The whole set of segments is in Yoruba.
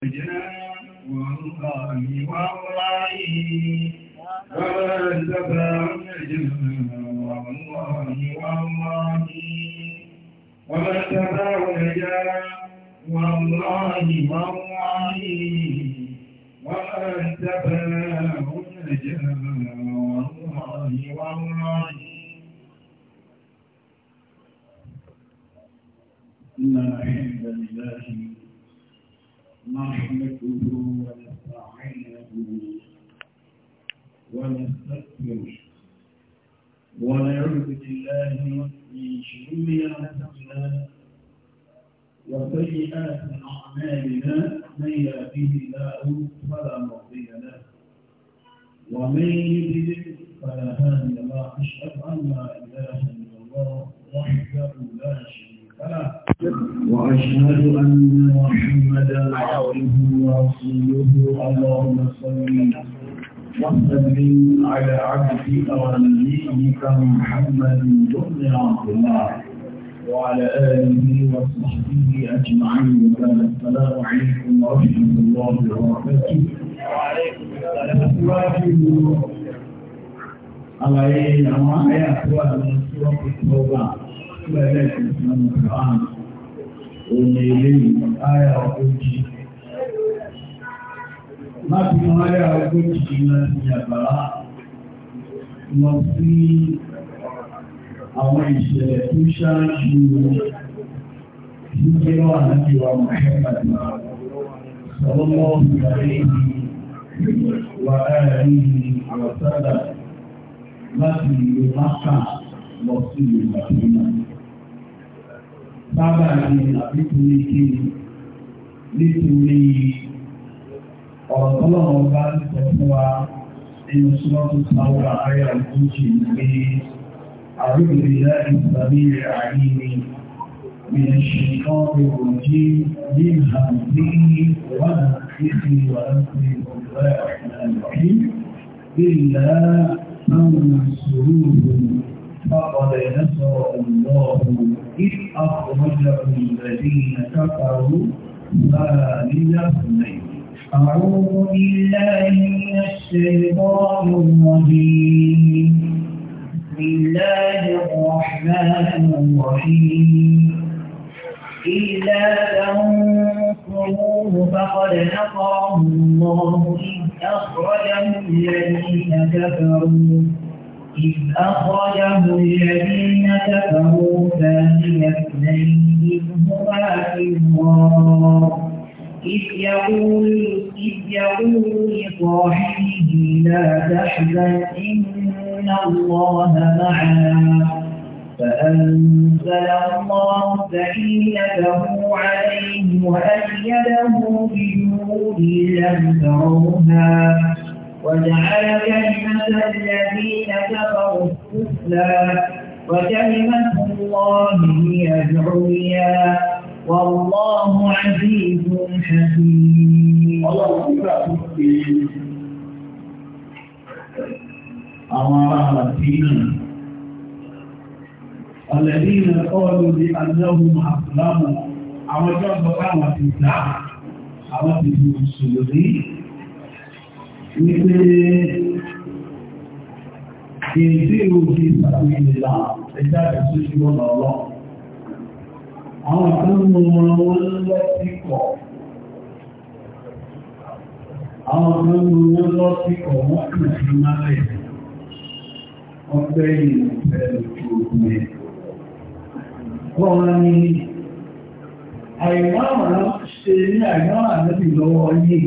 والله والله ولا تبعن جنة والله والله ولا تبعن جنة والله والله ولا تبعن جنة والله والله إن نحمده ونستعينه ونستغفره ونعوذ بالله من شرور انفسنا وسيئات اعمالنا من يهده الله فلا مضل له ومن يضلل فلا هادي له اشهد ان لا اله الا الله وحده لا شريك وأشهد أن محمدا عبده ورسوله اللهم صل وسلم على عبدك ونبيك محمد بن عبد الله وعلى آله وصحبه أجمعين السلام عليكم ورحمة الله وبركاته وعليكم السلام على أيها الأخوة من سورة التوبة súra ẹlẹ́ẹ̀kejì nínú Quran òní eléyìí àyà ogójì. Láti mọ àyà ogójì láti yàgbára lọ sí àwọn ìṣẹ̀lẹ̀ tó ṣáájú nígbẹ́ wà láti wà Mùhẹ́màdì sọ́lọ́mọ́ ìgbàlẹ́ wà láàrin àwọn sádà ìlú Mákà lọ sí ìlú Màdínà sábà ní àbí torí kíni nítorí ọ̀rọ̀ tọ́lọ́wọ́ bá ń sọ fún wa nínú súnmọ́tò sáwọ́ àárẹ̀ àkójì pé أعوذ بالله السميع العليم من الشيطان الرجيم من همزه ونفخه ونفخه الرحمن الرحيم إلا تنصروه فقد نصره الله إذ أَخْرَجَ الذين كفروا ثاني اثنين أعوذ بالله من الشيطان الرجيم بسم الله الرحمن الرحيم إلا تنصروه فقد نصره الله إذ أخرجه الذين كفروا إذ أخرجه الذين كفروا ثاني اثنين إذ هما في النار إذ يقول إذ يقول لصاحبه لا تحزن إن الله معنا فأنزل الله سكينته عليه وأيده بجنود لم تروها وجعل كلمة الذين كفروا السفلى وكلمة الله هي العليا والله عزيز حكيم. الله الذين قالوا بأنهم أسلموا أو جابوا أو في الإسلام أو في السلوكي wípé ìdí òbí ìsàmìlà ẹjá ìsúsí ọ̀nà ọlọ́ àwọn ìkánú wọn lọ́tíkọ̀ àwọn ìkánú wọn lọ́tíkọ̀ wọ́n kì sí málẹ̀ ọgbẹ́ ìrìnfẹ́ lójú ogun ẹ̀ wọ́n ni àìmáwàá ṣe ní àìmáwàá lẹ́bì lọ́wọ́ yìí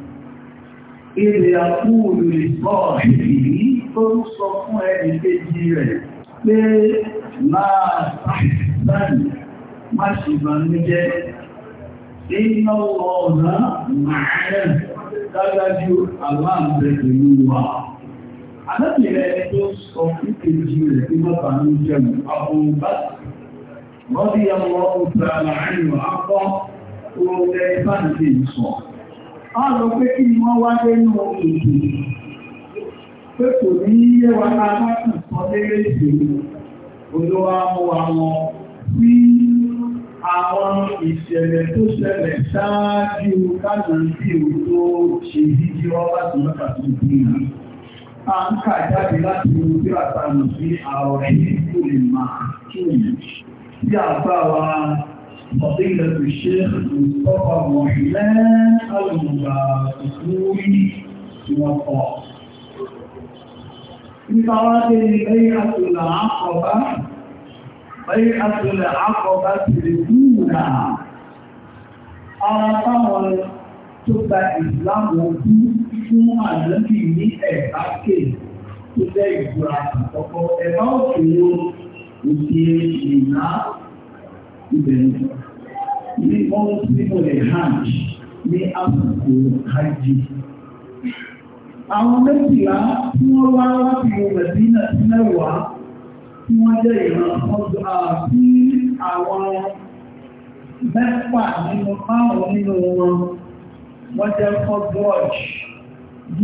ilẹ̀ àkúrò ìpọ̀ ìrìrí tó ń sọ fún ẹni kéjì rẹ̀ pé máa sáàrì má ṣe bá ń jẹ́ iná ọ̀nà màárẹ̀ dájájú aláàbẹ̀rẹ̀ wà. Alábìnrin tó sọ fún kéjì rẹ̀ tí wọ́n bá ń jẹun àbúgbà rọ́bí ọmọ ọ̀pọ̀ àlàáyìn àpọ̀ orin ẹgbẹ́ ìsọ̀rọ̀ ọ̀rọ̀ pé kí ni wọ́n wá lẹ́nu èdè pé kò ní yé wa alákùn sọ lérè ìṣèlú olówó mú àwọn sí àwọn ìṣẹ̀lẹ̀ tó ṣẹlẹ̀ ṣáájú káàkiri ìwò tó ṣe dídí ọlá tó mẹ́ta tó bí i a ń kà jáde láti inú tí àtàmù sí àwọn ẹ̀yìn tó lè máa tó yìí tí àgbà wa فضيلة الشيخ مصطفى الرحمن المباركوري وقال في طوال بيعة العقبة بيعة العقبة الأولى أعطاها تبع إسلام وجود fún àlọ́bì ní ẹ̀ka kè tó jẹ́ ìbúra àkọ́kọ́ ẹ̀ka ibẹ̀rẹ̀. Ní ọwọ́ pípọ̀ lè hajj Àwọn mẹ́tìlá tí wọ́n wá láti wo Mẹ̀dínà tí wọ́n jẹ́ ìran ọdún àti àwọn mẹ́fà nínú márùn nínú wọn wọ́n jẹ́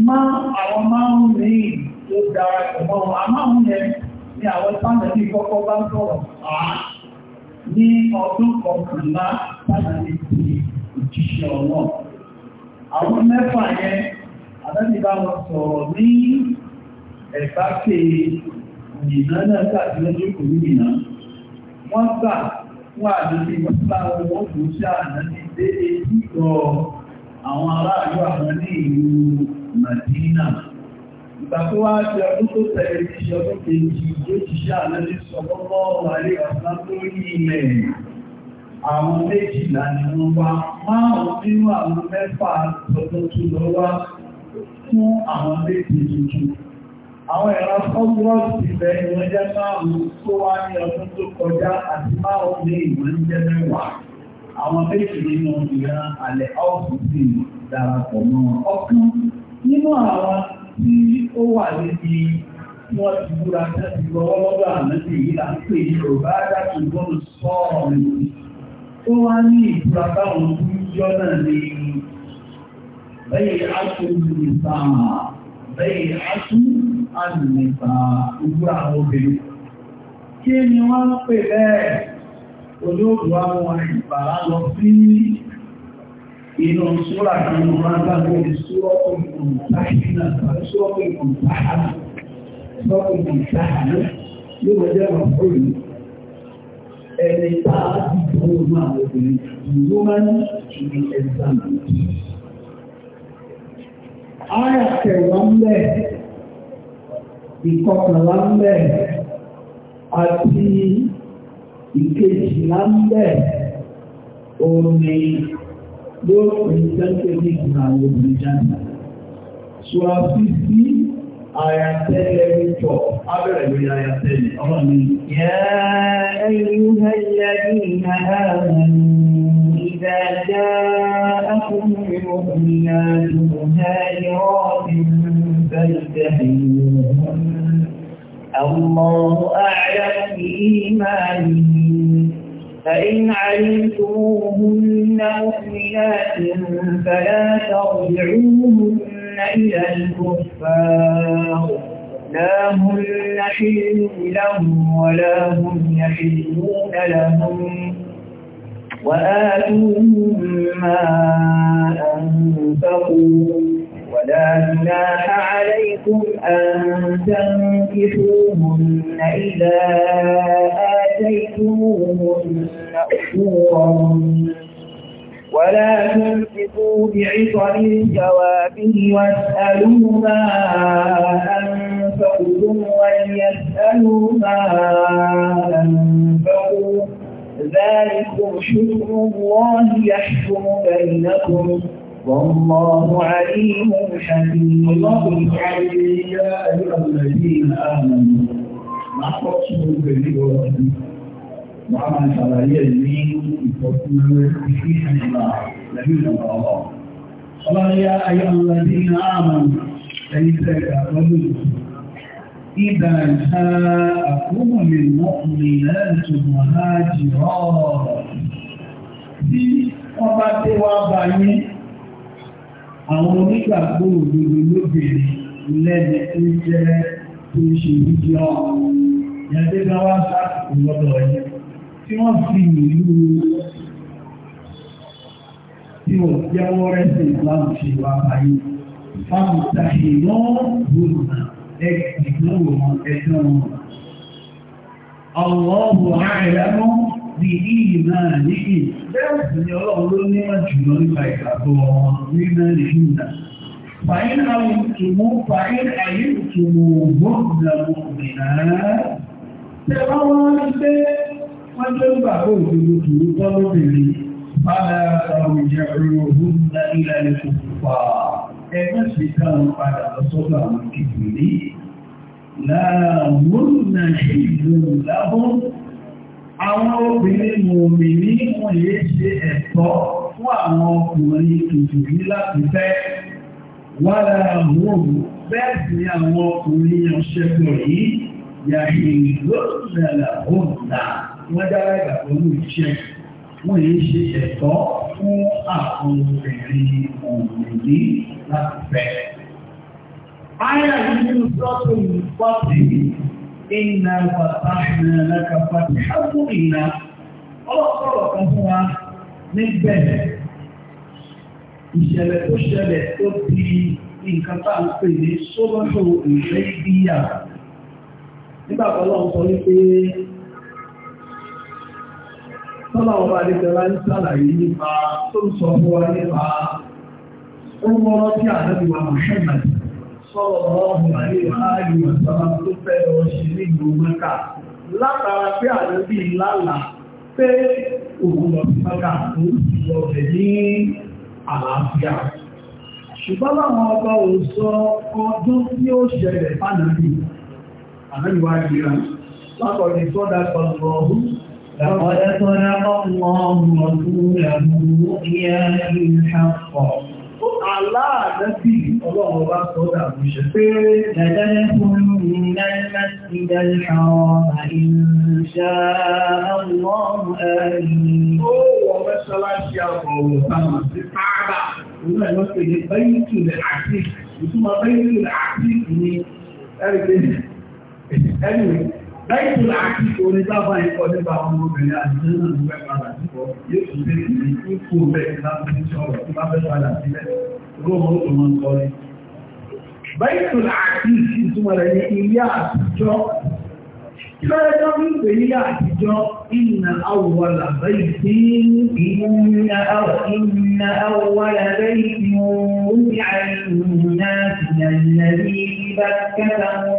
Má àwọn márùn míì tó dára ní ọdún kọkànlá tàbí ti òjíṣẹ́ ọwọ́. Àwọn mẹ́fà yẹn, àdájì bá wọn sọ̀rọ̀ ní ẹ̀bá pé náà sáàdì kò ní Wọ́n gbà wọn ní ní ìgbà tó wá ṣe ọdún tó tẹ̀lé ti ṣe ọdún kejì tó ti ṣe àlẹ́lẹ́ sọ̀rọ̀ wàlé ọ̀sán lórí ilẹ̀ àwọn méjìlá ni wọ́n wá márùn-ún nínú àwọn mẹ́fà tọ́tọ́ tó lọ wá fún àwọn méjì tuntun àwọn ẹ̀rọ fọ́gbọ́ọ̀sì ibẹ̀ ni wọ́n jẹ́ márùn-ún tó wá ní ọdún tó kọjá àti márùn-ún ní ìwọ̀n jẹ́ mẹ́wàá àwọn méjì nínú ìran àlẹ́ ọ́ọ̀sì sì darapọ̀ mọ́ ọkàn nínú àwọn tí ó wà níbi wọ́n ti búra láti gbọ́wọ́ lọ́dọ̀ àmẹ́sì yìí là ń pè ní dákì sọ́ọ̀rùn tó wá ní ìbúra báwọn kúrújọ́ náà ní bẹ́ẹ̀ aṣojú nìta bẹ́ẹ̀ àdìmẹ́ta ìbúra àwọn obìnrin kí ni wọ́n pè bẹ́ẹ̀ olóògùn àwọn ìbàrá lọ sí inú súra kan ní wọ́n bá lórí súrọ́pù ìkùntáhánà ní wọ́jẹ́ ọ̀pọ̀lù ẹni táà ti fún ọmọ àwọn obìnrin woman to be examined. Aya kẹwàá ń bẹ̀, ìkọkànlá ń bẹ̀, àti ìkejìlá ń bẹ̀, òní yóò pè ní tẹ́lifẹ̀ ní ìgbìmọ̀ àwọn obìnrin jáde. Sura fífi àyàtẹ́lẹ̀ ìjọ abẹ́rẹ̀ lórí àyàtẹ́lẹ̀ ọmọ mi. Yá ayyuha alladhina amanu idha ja'akum al-mu'minatu muhajiratun fastahiyuhunna. الله أعلم بإيمانهن فإن علمتموهن مؤمنات فلا ترجعوهن إلى الكفار لا هن حل لهم ولا هم يحلون لهم وآتوهم ما أنفقوا لا جناح عليكم أن تنكحوهن إذا آتيتموهن أجورهن ولا تنفقوا بعصر الجوابه واسألوا ما أنفقتم وليسألوا ما أنفقوا ذلكم شكر الله يحكم بينكم والله عليم حكيم الله عليم يا أيها الذين آمنوا نحفظكم بالله ورسوله وعمل صلاحية الدين وكل في الله نبينا الله الله يا أيها الذين آمنوا ليس كأولوك إذا جاءكم المؤمنات مهاجرات في وقت وابعين àwọn onígbàgbọ́ òdodo lóbìnrin lẹ́ni tó jẹ́ tó ṣe wíjì ọ̀hún yàtọ̀ bá wá sáàkùn lọ́dọ̀ ẹ̀yẹ tí wọ́n fi ìlú tí wọ́n jẹ́wọ́ rẹ́sìn ìsìláàmù ṣe wá báyìí fáwọn ìtàṣe náà gbòòrò ẹgbẹ̀rún wọn ẹgbẹ̀rún wọn. Ọ̀wọ́ ọ̀bùn àìlẹ́mọ́ bí ìmáàlìkì bẹ́ẹ̀ sì ni ọlọ́run ló níwọ̀n jùlọ nípa ìgbàgbọ́ wọn ní mẹ́rìndínlá fàyín àwọn ìtùmú fàyín àyè ìtùmú gbọ́gbà mọ̀mìnà tẹ bá wọ́n rí pé wọ́n tó ń gbàgbọ́ òdodo tòun tọ́ lóbìnrin padà àwọn ìjẹ̀rù òhun ńlá ilẹ̀ ẹ̀kọ́ pa ẹgbẹ́ sì káwọn padà lọ sọ́dọ̀ àwọn kékeré láàmúnà ìlú làbọ́n Àwọn obìnrin mòmì ní wọ́n yé ṣe ẹ̀tọ́ fún àwọn ọkùnrin ìtùtù ní láti fẹ́ wára àwọn bẹ́ẹ̀ sì ni àwọn ọkùnrin ọ̀ṣẹ́gbọ̀ yìí yàhì lọ́sẹ̀lẹ̀ òǹdà wọ́n dára ìgbàgbọ́ ní ìṣẹ́ wọ́n yé ṣe ẹ̀tọ́ fún àwọn obìnrin mòmì ní láti fẹ́. Ayé àyíkú sọ́tò ìpọ́sì iná bàbá ìrìnàlẹ́ka pàtàkì ṣàkóso ìná ọlọ́pọ̀lọ́ kan fún wa níbẹ̀ ìṣẹ̀lẹ̀ tó ṣẹlẹ̀ tó di nǹkan tá à ń pè ní sọ́lọ́sọ ìṣẹ́ ìbíyà nígbà kan sọ wípé tọ́lá ọba àdéjọba ń sàlàyé nípa tó ń sọ fún wa nípa ó ń mọ́rọ́ sí àdébìwà Muhammad sọ̀rọ̀ mọ́ọ̀mù àríwáyé ìwọ̀sán tó fẹ́ lọ ṣe ní ìlú mẹ́kà látara pé àlébí lálà pé òun lọ sí mẹ́kà tó sì lọ bẹ̀ ní àlàáfíà. ṣùgbọ́n láwọn ọba ò sọ ọdún tí ó ṣẹlẹ̀ fánàbí àríwáyé rẹ̀ látọ̀dí sọ́dá pẹ̀lú ọdún لقد صدق الله aláàrẹ́bì ọlọ́run bá sọ́dà múṣẹ́ pé ẹ̀dẹ́rẹ́ fún ìrìnlẹ́ ìdẹ́rẹ́ àwọn àìyànṣà ọlọ́run ẹ̀rìn ó wọ mẹ́ṣọ́láṣí àkọ̀wọ̀ sáwọn sí pàábà láìsí láti orí tábà ikọ̀ nípa ọmọ obìnrin àti nínú ìwé padà sípò yóò tún dé sí ipò bẹ́ẹ̀ láti sọ̀rọ̀ tí bá fẹ́ padà sílẹ̀ rómọ tó mọ́ kọrin. báyìí láti ìtumọ̀ rẹ̀ ní ilé àtijọ́ بكة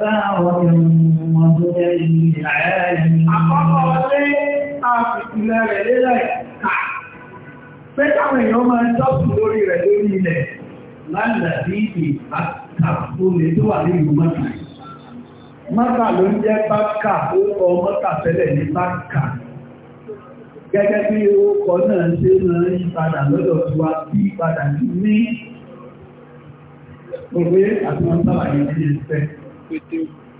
تارة وهدى للعالمين Àkọ́kọ́ ọlé àfìsílẹ̀ rẹ̀ lélẹ̀ ká. Pé káwọn èèyàn máa ń jọ́sùn lórí rẹ̀ lórí ilẹ̀ lálẹ́ sí ìdí àkàtúnlé tó wà ní ìlú mọ́ta. Mọ́ta ló ń jẹ́ bákà ó kọ mọ́ta tẹ́lẹ̀ ní bákà. Gẹ́gẹ́ bí orúkọ náà ṣe máa ń padà lọ́dọ̀ tó wá bí padà ní Gbogbo àti wọn sábà ní ilé ìfẹ́.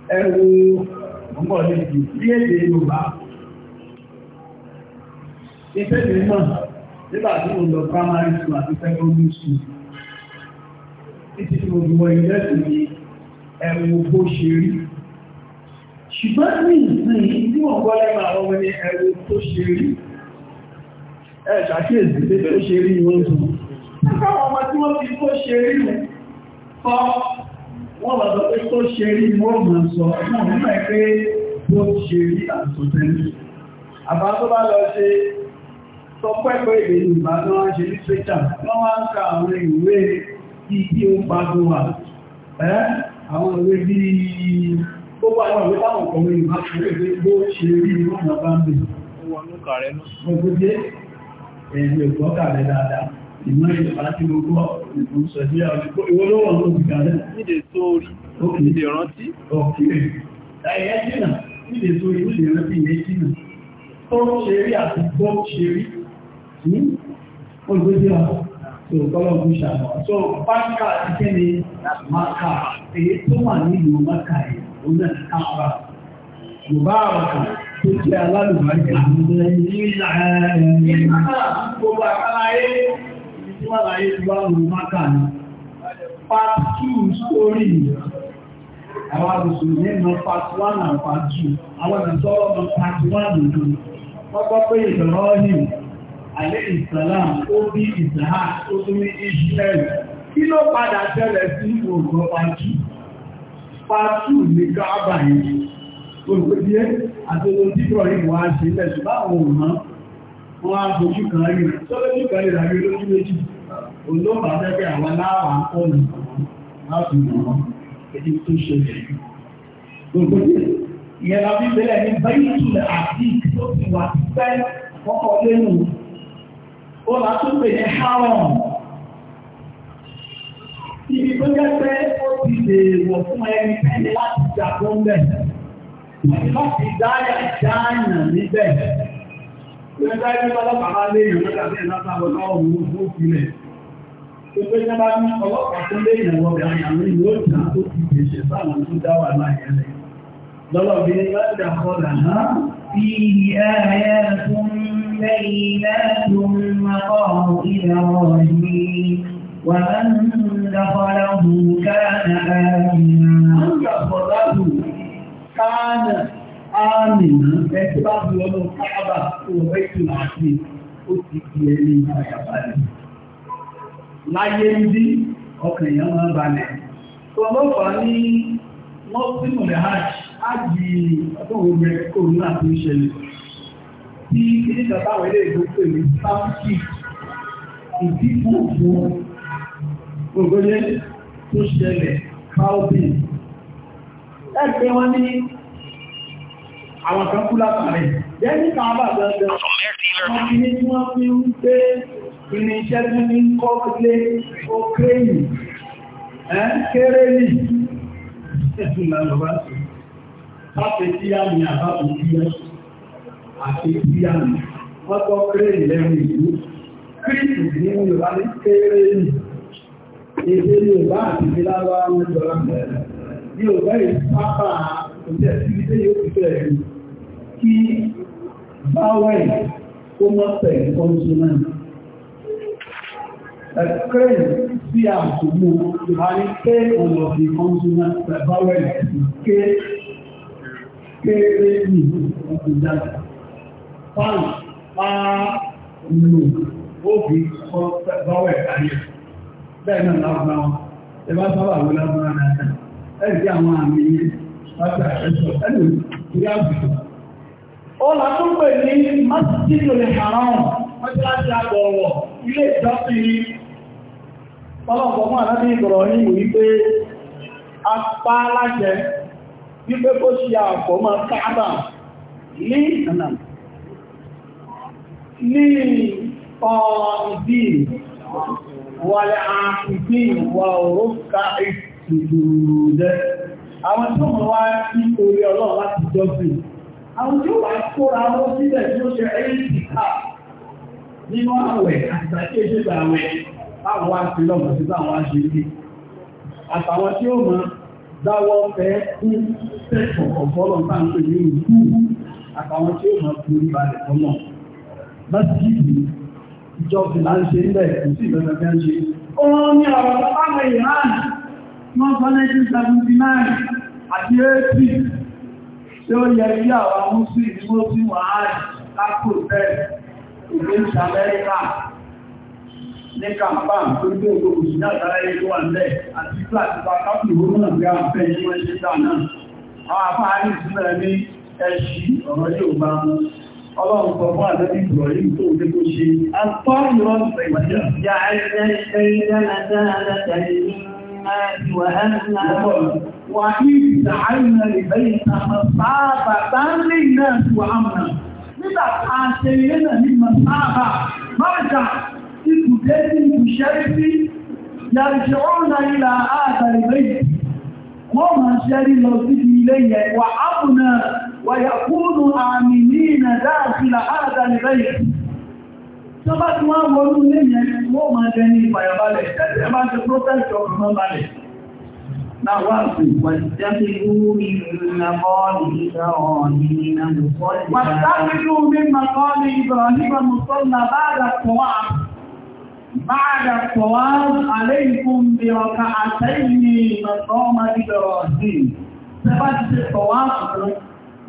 Ẹrù ọmọ lè jù bí èdè Yorùbá. Iṣẹ́ mi náà nígbà tí mo lọ primary school àti secondary school. Títí tí mo gbọ́ ilé ẹ̀sìn ní ẹ̀rù bó ṣe rí. Ṣùgbọ́n ní ìsìn tí wọ́n gbọ́ lẹ́nu àwọn ọmọ ní ẹ̀rù tó ṣe rí. Ẹ ṣàkíyèsí pé tó ṣe rí ni wọ́n tún. Nígbà àwọn ọmọ tí wọ́n fi tó ṣe rí rẹ̀ kọ́ wọ́n bá sọ pé tó ṣe rí wọ́n mọ̀ sọ náà wọ́n mọ̀ pé tó ṣe rí àtọ̀tẹ́lẹ̀ àbá tó bá lọ ṣe sọ pẹ́pẹ́ èdè Yorùbá tó wá ṣe ní pẹ́tà wọ́n wá ń ka àwọn ìwé ibi ó pàdó wà àwọn ìwé bí gbogbo àwọn ìwé táwọn ọkọ̀wé ìmọ̀lẹ̀ àti gbogbo ìṣẹ̀lẹ̀ àwòkó ìwọ́lọ́wọ́ ló ti gàdẹ́. Níde tó rí, níde rántí. Ọ̀kílẹ̀, ẹ̀yẹ́ jìnà, níde tó rí, níde rántí ìyẹ́ jìnà. Tó ń ṣe rí àti gbọ́ ṣe rí ní olùgbéjì àwọn tó kọ́lọ̀ fún ṣàmọ̀. So, Báńkà ti kẹ́ ni Máka, èyí tó wà nílùú Máka yìí, òun náà ti káàbà. Yorùbá àwàkà tó jẹ́ alálùbáyé àwọn ọmọ ẹni ní ìlànà ẹni. Ìgbà náà gbogbo àkàlà yìí fún àlàyé ti wá lò mákà ní part 2 story àwọn àrùsùn ní mọ part 1 and part 2 àwọn ìtọ́rọ̀ mọ part 1 nìkan wọ́n gbọ́ pé ìdọ̀rọ̀ yìí alẹ́ ìsàlám ó bí ìsàhá ó tún ní Israel kí ló padà tẹ́lẹ̀ sí òògùn part 2 part 2 ní káàbà yìí olùgbébíyé àti olùdíjọ́ yìí ṣe ilẹ̀ ṣùgbọ́n òun náà wọ́n á fojú kan rí rẹ̀ sọ́lọ́jú kan rí rẹ̀ lójú méjì olóòbá fẹ́fẹ́ àwọn láwà ń kọ́ ní láti mọ̀ èdè tó ṣe rẹ̀. Gbogbo ìyẹn la fi bẹ̀rẹ̀ ní bẹ́yìn ìtúlẹ̀ àti tó ti wà pẹ́ ọkọ̀ lẹ́nu. Ó la tún pè ní Haron. Ibi tó jẹ́ pé ó ti lè wọ̀ fún ẹni pẹ́ni láti jà tó ń bẹ̀. Àti láti dáyà dáyà níbẹ̀. Ìgbésẹ̀ ìgbésẹ̀ ọlọ́pàá máa lé ìrìn àti ìlànà àwọn ọmọ òfin rẹ̀. Gbogbo ẹgbẹ́ bá ní ọlọ́pàá tó lé ìrìn àwọn obìnrin àwọn ìlú òjò tó ti gbèsè sáwọn tó dá wà láàyè rẹ̀. Lọ́lọ́ bí ní láti àkọlà náà. Bí i ayẹ́ fún lẹ́yìn lẹ́tùn mọ́kànlá ìdáwọ̀ ní ومن دخله كان آمنا من دخله كان آمنا ẹ̀tí bá fi ọdún káàbà tó rẹ̀ tó láti ó ti di ẹni àyàbálẹ̀. láyé ń bí ọkàn èèyàn máa balẹ̀. ọlọ́pàá ní mọ́símù rẹ̀ hajj ájì ọdún ogun ẹ̀kọ́ ní àti ìṣẹ̀lẹ̀ tí ilé ìjọba àwọn ilé ìgbó pè ní sáfì ìdíbò fún ògbóyé tó ṣẹlẹ̀ káwọ́bì. ẹgbẹ́ wọn ní àwọn kan kú látàrí jẹ́ ní káwọ́ àgbẹ̀gbẹ̀ wọ́n fi ní wọ́n fi ń gbé irinṣẹ́ tí ní kọ́ lé okréyìn kéré ní ẹ̀sùn lọ́wọ́ láti tí a ní àbábò tí a àti tí a ní wọ́n kọ́ kéré lẹ́nu ìlú kírísì ní Yorùbá ní kéré ní èdè Yorùbá àti ìgbéláwà ń jọra mẹ́rẹ̀ Yorùbá ìsápà òjẹ́ sí ilé yóò fi bẹ̀rẹ̀ kí báwẹ̀ kó mọ́ pẹ̀lú kọ́ńtínẹ̀tì a crane we have to move behind K one of the consonants, the vowel is K, K, E, what is that? Pan, A, Nu, O, B, for the vowel area. Bẹ́ẹ̀ náà lábúná wọn, ẹbá sábà wọ lábúná náà, ẹ̀rí àwọn àmì yẹn láti àṣẹ́sọ, ẹ̀rí ìrí àbùkù. Ó làtúnpè ní Masjidul Haram, wọ́n ti láti àgbọ̀ ilé ìjọ́sìn Ọlọ́pọ̀ mọ́ àlábí ìgbọ̀rọ̀ ní wípé a pa láṣẹ wípé kó ṣe àfọ́mọ́ káàbà ní ọ̀nà ní ọ̀dí wà àfìdí wà òrókà ìtìlúdẹ́. Àwọn tí wọ́n wá sí orí ọlọ́run láti jọ́sìn. Àwọn tí ó wà kóra ó sílẹ̀ tí ó ṣe ẹ̀yìn ìkà táwọn wá sí lọ́mọ̀ sí táwọn wá ṣe ilé àtàwọn tí ó mọ̀ dáwọ́ fẹ́ fún tẹ̀sán ọ̀fọ́lọ̀ táà ń pè ní ìlú àtàwọn tí ó mọ̀ fún ìbàlẹ̀ ọmọ lásìkò ìjọsìn là ń ṣe ń bẹ̀ kò sí ìbẹ̀rẹ̀ fẹ́ ń ṣe. ó ní ọ̀rọ̀ lápapọ̀ ìran wọ́n sọ 1979 àti 80 tí ó yẹ ilé àwọn amúsí ìdúró sí wàhálì lápò bẹ́ẹ̀ ìgbésí Amẹ́ríkà ní kàmpán tó gbé ògbòkù sí tó wà nílẹ̀ àti fúláàtì bá kápù ìwó náà gbé àpẹ ní wọ́n ṣe tà náà. Àwọn afáà ní ní ẹṣì ọ̀rọ̀ yóò bá mú. Ọlọ́run sọ fún àdébí ìbùrọ̀ yìí tó ní kó ṣe. وَإِذْ جَعَلْنَا الْبَيْتَ مَثَابَةً لِلنَّاسِ وَأَمْنًا nígbà tá a ṣe ilé náà ní mọ̀sáàbà máa ibùdẹ́sí ìṣẹ́rí yàrìṣọ́ọ̀nà ilà àtàrí méjì wọ́n máa ṣẹ́rí lọ síbi ilé yẹn wà ápùnà wàyàkúnù àmì ní ìnà dáàfilà àtàrí méjì tó bá tí wọ́n wọ́n ní ilé yẹn wọ́n máa jẹ ní ìfàyàbalẹ̀ tẹ́tẹ́ bá ti protest of normality واتخذوا من Báàdà tọ́wá aléìkún bí ọka àtẹ́yìn ìmọ̀tọ́ọmọ Ibrahim. Tẹ́bá ti ṣe tọ́wá fún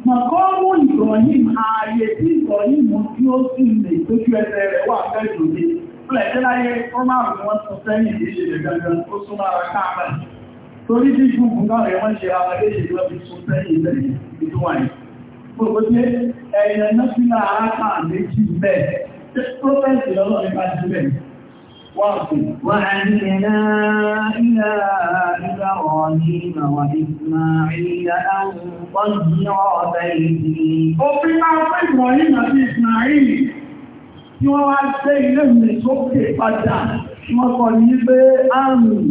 mọ̀kọ́mù Ibrahim ààyè tí Ibrahim tí ó sì lè tójú ẹsẹ̀ rẹ̀ wà fẹ́jù ní. Fúlẹ̀dẹ́láyé fọ́màrùn wọn sọ sẹ́yìn ìdíje rẹ̀ gangan ó súnmọ́ ara káàmà. Torí bí gbùngbùn náà rẹ̀ wọ́n ṣe ara léṣe lọ fi sún sẹ́yìn ìlẹ́yìn ìdúwàyìn. Gbogbo tí ẹ̀yẹ̀ náà fi náà وعهدنا إلى إبراهيم وإسماعيل أن طهر بيتي وفي عقل إبراهيم وإسماعيل tí wọ́n wá gbé ilé mi sókè padà wọ́n kọ̀ ní pé àrùn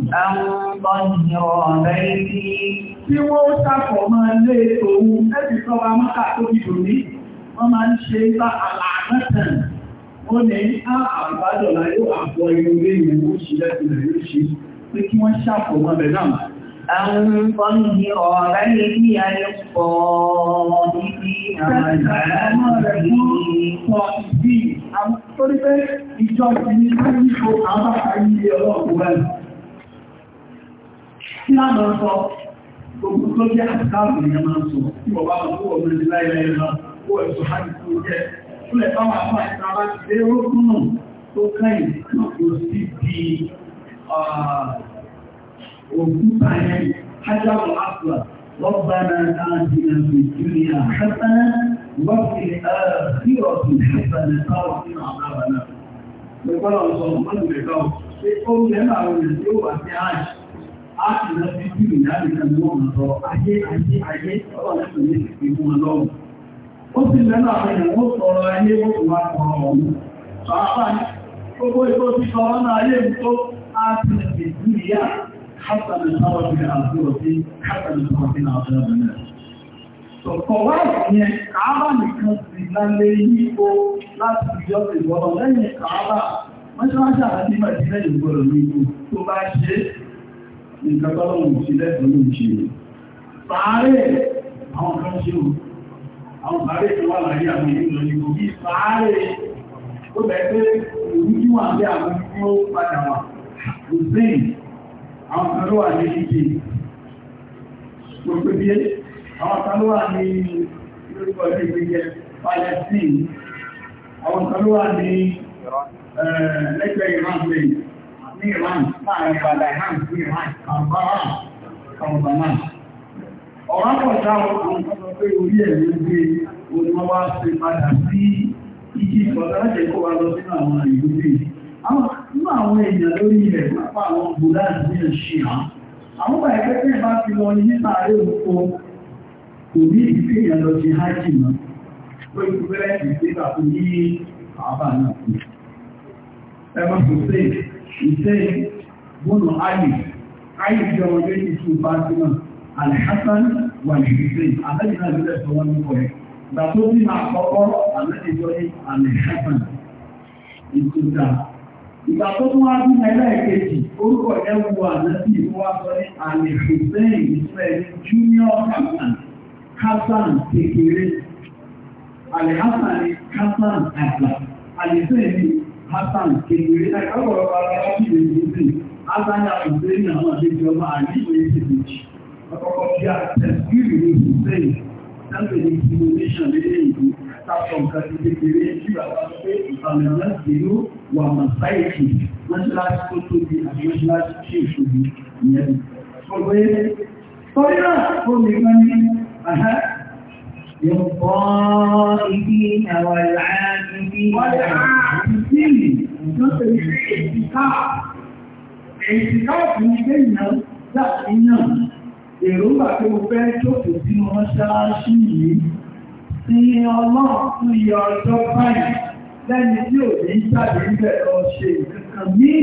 máa ń ṣe bá àlàáfẹ́sẹ̀ wọ́n ní á ah, àbájọ̀lá yóò àpọ̀ ilé ìrìn ó ṣe lẹ́sìn rẹ̀ ṣe pé kí wọ́n ṣàpọ̀mọ́ bẹ̀ náà. Àwọn fọ́nìyí ọ̀rẹ́ ní bí pọ̀ níbi àwọn tó ní pé ìjọ máa sọ gbogbo tó jẹ́ àkáàbù ni a máa sọ, tí tó wọ́n Fúlẹ̀ báwà fún àìsàn bá ti dé rókùnù tó kẹ́yìn náà kò sí di òkúta yẹn, Hajjáwò Afla, ربنا آتنا في الدنيا حسنة وفي الآخرة حسنة وقنا عذاب النار. Gbogbo àwọn ọ̀sán ọmọ ìgbẹ̀gbọ́ pé ó ń lẹ́nu àwọn ènìyàn tí ó wà sí àìsàn. Àìsàn ti bí ìyá nìkan ni wọ́n mọ̀ sọ ayé ayé ayé ọlọ́run ẹ̀sìn ní ìpínlẹ̀ wọn lọ́wọ́. ó sì lẹ́nà àwọn ìwò sọ̀rọ̀ ayé wọ́n wá sọ̀rọ̀ ọ̀hún pàápàá ní gbogbo ìgbò ti sọ̀rọ̀ náà ayé tó á ti rẹ̀ sí ìyá hátàlẹ̀ sáwọ́dì àbúrò sí hátàlẹ̀ sáwọ́dì àbúrò bẹ̀rẹ̀ sọ̀kọ̀ wá ìyẹn kàábà nìkan sì lálẹ́ yípo láti ìjọ ìwọ̀n lẹ́yìn kàábà mọ́ṣáláṣà àti màjílẹ̀ ìgbọ̀rọ̀ ní ikú tó bá ṣe nǹkan tọ́lọ́run sílẹ̀ tọ́lọ́run ṣe. Sàárè àwọn kan àwọn sáré tó wà láyé àwọn èyí lọ ní gbogbo sáré ó bẹ̀ẹ́ pé ìlú tí wà ní àwọn tí ó padà wà hussein àwọn kan ló wà ní ìdí gbogbo bíé àwọn kan ló wà ní lórúkọ ní ìgbéjẹ palestine àwọn kan ló wà ní lẹ́gbẹ̀ẹ́ iran lane ní iran láàrin padà iran sí iran kàmbára kàmbára ọ̀rọ̀ pé orí ẹ̀ ló gbé orí wọn wá ṣe padà sí igi ìfọ̀dájẹ́ kó wa lọ sínú àwọn ìlú bíi nínú àwọn èèyàn lórí ilẹ̀ pápá àwọn gbòdáàdì ní ẹ̀ṣì hàn àwọn ọgbà ẹgbẹ́ tẹ́ bá ti lọ ní nípa ààrẹ òkú kò ní ìdíkẹ́ èèyàn lọ sí hajj mọ́ tó ikú bẹ́rẹ̀ ìgbésà tó ní àbá náà kù ẹmọ sọsẹ ìṣe gbónà ayé ayé ìjọba ọjọ́ ìṣú bá sí náà alhassan wà ní ìgbésẹ̀ àlẹ́yìn náà ló lẹ́sọ̀ wọn nípa ẹ̀. Ìgbà tó bí máa kọ́kọ́ àlẹ́jọ ní àlẹ́ ṣẹ́fàn ìtúta. Ìgbà tó tún wá bí ẹlẹ́ẹ̀kejì orúkọ ẹ̀ wo àlẹ́bí ìwọ́ sọ ní àlẹ́ Hussein Israel Junior Hassan Hassan kékeré. Àlẹ́ Hassan ni Hassan àgbà. Àlẹ́ Hussein ni Hassan kékeré. Ẹ̀ka ọ̀rọ̀ ara wọn kì í lè ṣe sí. Hassan yà Hussein àwọn àlejò ọmọ àlẹ́ ìwé ìṣèlú ọkọ̀ kí a tẹ̀síìrì ní ìgbẹ́ ìdámẹ́ ní simulation lédè ìlú tàbí nǹkan ti kékeré tí bàbá pé ìbàmì láti ìlú wà màsáìkì mọ́ṣáláṣí tó tóbi àti mọ́ṣáláṣí tí ìṣòro ìyẹn. ọgbẹ́ sọ́rí náà ó lè wá ní àhá للطائفين والعاكفين والعاكفين نصر في الاعتكاف الاعتكاف من كلمة لا إنه èròǹgbà pé mo fẹ́ jókòó sí mọ́ṣáláṣí yìí tí ọlọ́run tún yọ ọjọ́ báyìí lẹ́ni tí ò ní jáde níbẹ̀ lọ ṣe ìkankan míì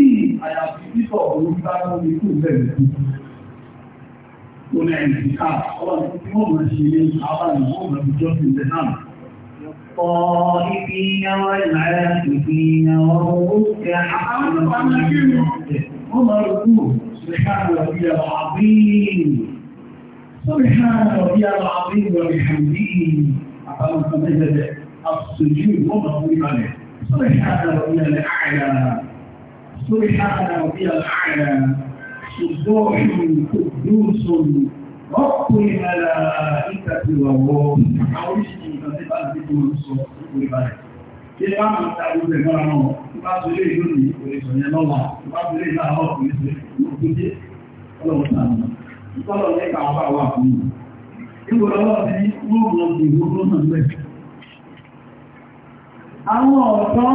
àyàfi bíbọ̀ òun bá mú mi kú bẹ̀rẹ̀ kú. Mo ní ẹ̀yìn ká ọlọ́run tí wọ́n mọ̀ ṣe ní àbáyé wọ́n mọ̀ fi jọ́sìn bẹ̀ náà. الطائفين والعاكفين والركع السجود ومركوع سبحان ربي العظيم سبحان ربي العظيم وبحمده أقام فمزد السجود ومطلوب عليه سبحان ربي الأعلى سبحان ربي الأعلى سبوح قدوس رب الملائكة والروح أولئك فمزد السجود ومغفور عليه Ṣé bá máa ta gbogbo ẹ̀gbọ́n àwọn ọ̀pá tó lè lónìí, òrìṣọ̀ yẹn lọ́wọ́, ọ̀pá tó lè láàárọ̀, òrìṣọ̀ yẹn lọ́wọ́, ọlọ́wọ́ sáà náà. Ìtọ́lọ̀ lẹ́ka àwọn àwọn àkùnrin. Ìgbòlọ́wọ́ ti ní wọ́n mọ̀ sí ìwọ́n náà lẹ́ẹ̀. Àwọn ọ̀tọ́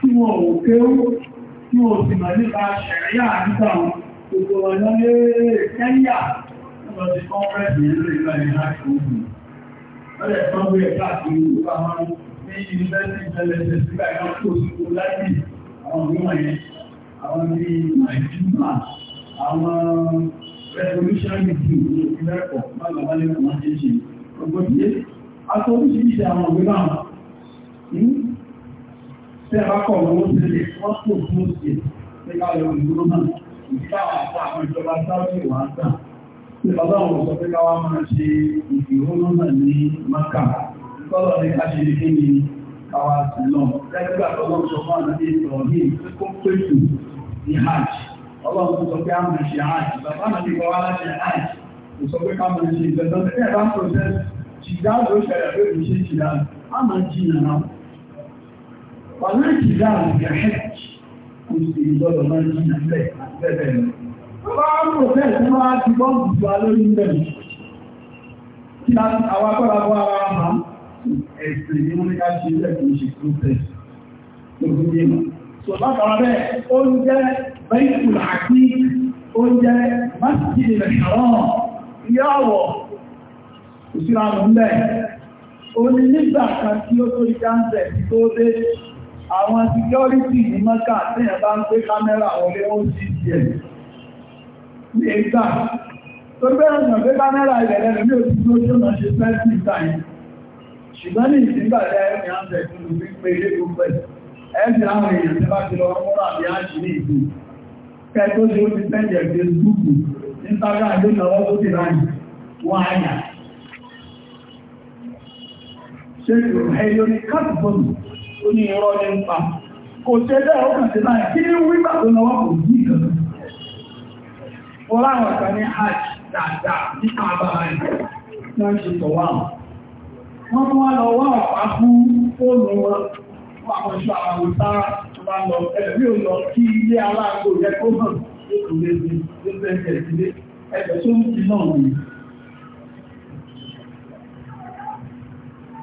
tí wọ́n ò kéwú, tí wọ́n sì mọ̀ nípa ṣẹ̀ríà nípa gbogbo ọ̀nà lé Kẹ́yà lọ sí kọ́nfẹ́sì nílò ìlú ìlú láti ogun. Wọ́n lẹ̀ tán gbé ẹ̀ká àti ìlú àwọn ní yunifásitì ìtẹ́lẹ̀ṣẹ̀ sígbà ìlú tó sí kó láti àwọn ìlú wọ̀nyẹn, àwọn ní Nàìjíríà, àwọn revolutionary view ní ìpínlẹ̀ ẹ̀kọ́ báyìí wálé ọmọ ṣe ṣe ọgbọ́n tí aṣọ oríṣiríṣi àwọn òwe náà tẹ́ ẹ bá kọ̀ owó sílẹ̀ wọ́n tó fún ṣe nípa ẹ̀rọ ìgbóró náà ìgbà àti àwọn ìjọba sáwọ́sì wà á tà tí bàbá àwọn sọ pé káwá máa ṣe ìgbìhónú náà ní maka tọ́lọ̀ ní ká ṣe ní kí ni ọlọ́run sọ pé a mọ̀ ṣe ààjì bàbá náà ti kọ́ wá láti ààjì kò sọ pé ká mọ̀ ṣe ìgbẹ̀tọ́ tí ẹ̀ bá ń process jìdá ló ṣẹlẹ̀ pé kì í ṣe jìdá a máa jìnà náà pàlẹ́ jìdá àgbẹ̀ hẹ́ẹ̀kì kò sì gbọ́dọ̀ máa jìnà bẹ́ẹ̀ bẹ́ẹ̀ lọ. bá ń process wọn á ti bọ́ bẹ́ẹ̀kùn àti oúnjẹ masjid al-haram yọ́wọ̀ ìṣìrànù mẹ́ o ní nígbà kan tí ó tó ìjáǹsẹ̀ tó dé àwọn security ní mọ́kà tí ẹ̀ bá ń gbé kámẹ́rà wọlé ó sì jẹ́ nígbà tó bẹ́rẹ̀ ọ̀nà gbé kámẹ́rà ilẹ̀ rẹ̀ ní òtítí ó tó náà ṣe fẹ́ẹ̀sì ìtàn ṣùgbọ́n ní ìsìngbà rẹ̀ ẹ̀rìn àǹsẹ̀ tó lù fi pé ilé gbogbo ẹ̀ ẹ̀sìn àwọn èèyàn tí bá ti lọ mọ́ra bí á ṣì ní ìlú kẹtó ṣe ti tẹ́jẹ̀ Facebook Instagram ló lọ́wọ́ tó ti ráyìn wọ́n àyà ṣe ẹ̀yọ ni ní ní pa kò ṣe bẹ́ẹ̀ ó kàn sí láyìn kí ní wípà tó lọ́wọ́ kò sí ìgbà Ọláwọ̀ kan ní hajj dáadáa ní bá lọ ẹ̀bí ò lọ kí ilé aláàgbò yẹ kó hàn ètò lèdè tó bẹ̀rẹ̀ ìdílé ẹgbẹ̀ tó ń ti náà nì.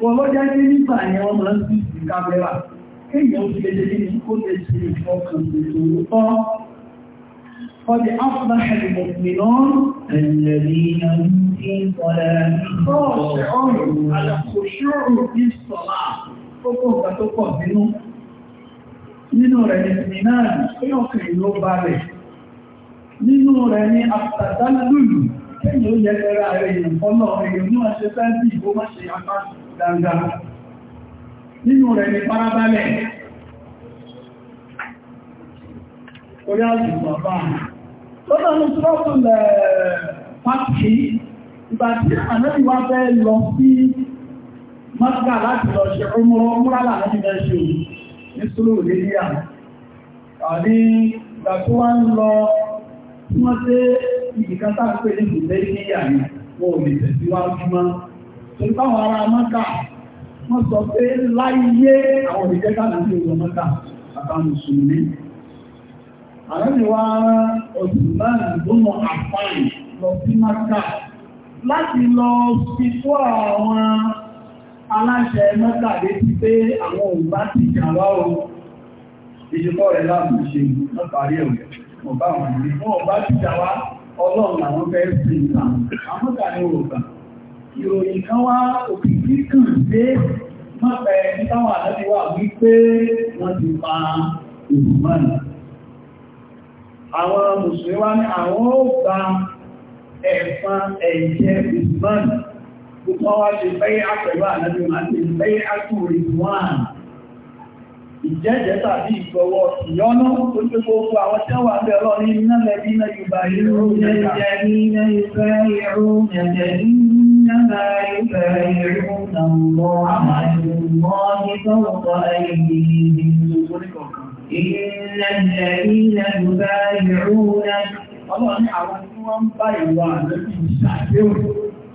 Wọ́n lọ́jọ́ ní nígbà yẹn wọ́n máa ń sí sí kámẹ́rà kéèyàn fi lè dé ní kó lè ṣe ìfọkàn ètò òótọ́. Ọdí áfúnà ẹ̀rìmọ̀ mìíràn ẹ̀yẹ̀rìnà ti ń sọ̀rẹ̀ ọ̀rọ̀ ọ̀rọ̀ àlàkòṣòrò ní sọ̀lá tó kọ̀ nínú rẹ̀ ni minari ọkàn ìlú bá rẹ̀ nínú rẹ̀ ni àtàdánlùlù kẹ́yìn ó yẹ ẹ̀rà rẹ̀ ìfọ́lọ̀ èyàn ní wọ́n ṣe fẹ́ bí ìbó má ṣe apá dandan nínú rẹ̀ ni farabalẹ̀ orí àjùmọ̀ bá tọ́lá ní tọ́lá pàtàkì eh, ìgbà tí ànábì wá fẹ́ lọ sí mọ́tíkà ní súrò lélíà àrí ìgbà tó wá ń lọ tí wọ́n tẹ́ ìdíkan tá pé ní ìgbẹ́ lélíà ní wọ́n ò lè tẹ̀síwájú mọ́ tó ń báwọn ará mọ́ta wọ́n sọ pé láyé àwọn òdìjẹ́ káàdì láti lọ fi tó àwọn aláṣẹ mọ́tàdé ti pé àwọn òǹbá ti jàwá o ìjọpọ̀ rẹ̀ láàmù ṣe lọ́pàárí ọ̀gẹ̀ ọ̀bá wọn ní wọ́n ọ̀bá ti jàwá ọlọ́run làwọn fẹ́ sí ìta àmọ́ta ní òògbà ìròyìn kan wá òkìkí kàn dé mọ́pẹ́ ní táwọn àdáni wà wípé wọ́n ti pa òmùmọ́nì àwọn mùsùlùmí wá ní àwọn ó gba ẹ̀fọn ẹ̀jẹ̀ òmùmọ́nì wọ́n wá ṣe bẹ́ẹ̀ àpẹ̀lú ànábì máa ṣe bẹ́ẹ̀ àkúrò ìwọ̀n ìjẹ́jẹ́ tàbí ìgbọ̀wọ́ ìyọ́nú tó tó gbogbo àwọn tí wà ń bẹ̀rọ ní iná lẹ́bí iná yóò ìrú jẹjẹ́ ní iná ìfẹ́ ìrú jẹjẹ́ ní iná ìfẹ́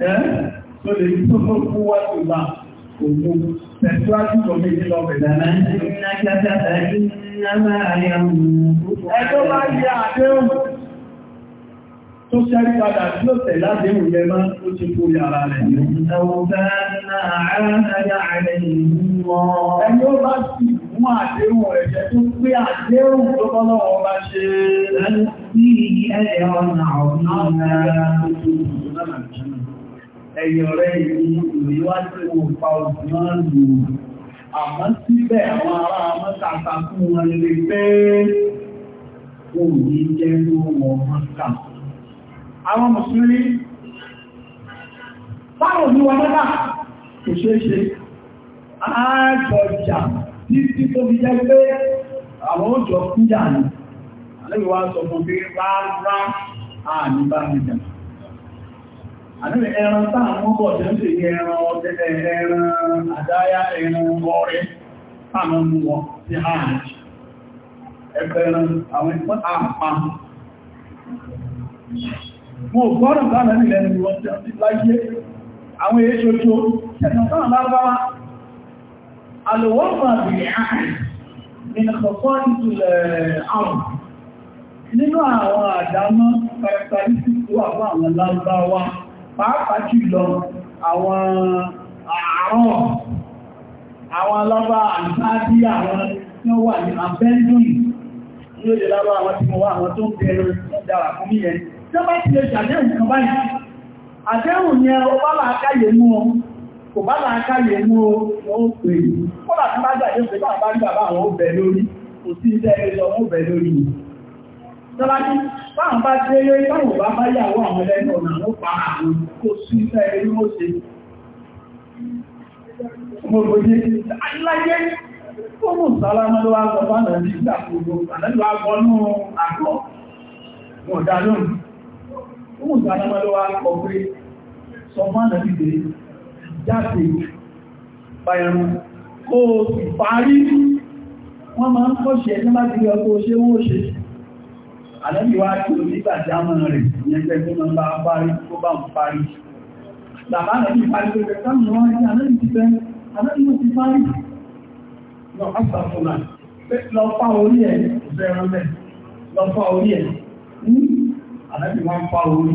ẹ́ tó ṣẹ́rí padà tí ó tẹ̀ ládéhùn yẹ máa ó ti kó yàrá rẹ̀. Ẹni ó bá sì mú àdéhùn ẹ̀jẹ́ tó pé àdéhùn tó bọ́lọ́wọ́ bá ṣe. Ẹni sí ẹ̀rẹ̀ ọ̀nà ọ̀nà ẹ̀yìn ọ̀rẹ́ ìlú ìwájú òpa òsìmọ́ lù àmọ́ síbẹ̀ àwọn ará mọ́tàkà fún wọn lè pé kò ní jẹ́ ló wọ́n mọ́tà àwọn mùsùlùmí báwọn ní wọn mọ́tà kò ṣeé ṣe ààgbọ̀jà títí tó fi jẹ́ pé àwọn òjò kújà ní àlẹ́wọ̀ wá sọ fún pé rárá àníbá nìjàmbá àníbi ẹran táà wọ́n bọ̀ ń pè ní ẹran ẹran àdáyá ẹran ọrẹ táàmà mú wọn sí hajj ẹgbẹ̀rún àwọn ìpọ́ àpá mo gbọ́rọ̀ láàrín ilẹ̀ ni wọ́n jẹ́ ti láyé àwọn èṣòṣò lárúbáwá pàápàá jùlọ àwọn àárọ̀ àwọn alábá àǹtáàdí àwọn tí ó wà ní abẹ́ndùnì ní ó lè lábá àwọn tí mo wá àwọn tó ń bẹ̀rẹ̀ dára fún mí yẹn tí ó bá ti lè ṣàdéhùn kan báyìí àdéhùn yẹn ó bá làákàyè mú ọ kò bá làákàyè mú ọ ó pè é kó làtí bá gbàdé pé bá bá rí bàbá àwọn ó lórí kò sí iṣẹ́ ẹ̀rọ ó bẹ̀ lórí Tọ́lájí, báwọn bá tí ó yóò táwọn bá bá yàwó àwọn ẹlẹ́nu ọ̀nà ló pa àwọn kó sí ìfẹ́ inú ó ṣe. Mo gbòye, aláyé, ó mú sálámọ́ ló wá gbọ́ bá nà ní ìgbà gbogbo, àlẹ́lú agbọ́nú àgbọ́, wọ̀n dá lónìí. Ó mú sálámọ́ ló wá kọ pé, sọ kó o parí, wọ́n máa ń kọ́ṣẹ́ ní má ti rí ọkọ̀ ṣe wọ́n ṣe àlẹ́bí wá kí o nígbà jámọ́ rẹ̀ ìyẹnjẹ́ tó mọ́ bá parí tó bá ń parí bàbá rẹ̀ ní parí tó kẹta mọ́ wá ní àlẹ́bí ti fẹ́ àlẹ́bí ló ti parí lọ pàtàkùnà lọ fá orí ẹ̀ bẹ̀rẹ̀ mẹ́ lọ fá orí ẹ̀ ní àlẹ́bí wọ́n fá orí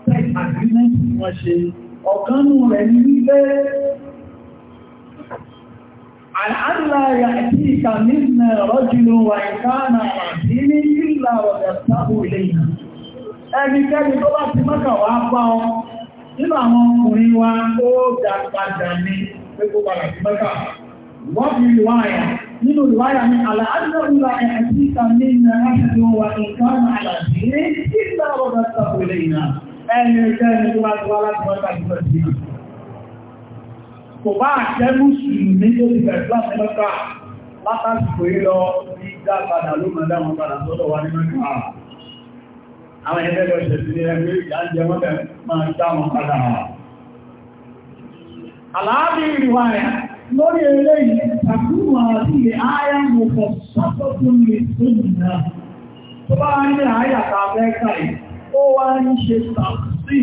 agreement wọ́n ṣe ọ̀kanú rẹ̀ ní wípé aláàrẹ àti ìkàmínà rọ́jùlọ wà ìkáànà àti ní ìlà ọ̀dẹ̀sáwò ilé ìhàn ẹnikẹ́ni tó bá ti mọ́kà wá bá ọ nínú àwọn ọkùnrin wa ó dá ní pẹ́kọ́ padà sí mọ́kà wọ́n fi ìwáyà nínú ìwáyà ní aláàdínlọ́wà àti ìkàmínà rọ́jùlọ wà ìkáànà àti ní ìlà ọ̀dẹ̀sáwò ilé ẹni ìjẹ́ni tó bá tọ́wọ́ láti wọ́n láti wọ́n sí náà. Kò bá àṣẹ mùsùlùmí tó ti bẹ̀rẹ̀ láti mẹ́ta látàkùn ìlọ ní ìdá padà ló mọ̀ dáwọn padà sọ́dọ̀ wa ní mẹ́ta. Àwọn ẹgbẹ́ lọ ṣẹ̀ sí ẹgbẹ́ ìdájẹ́ wọ́n bẹ̀ máa dá wọn padà. Àlàábí ìrìwà rẹ̀ lórí eléyìí àkúrò àti ààyà ó wá ń ṣe tàbí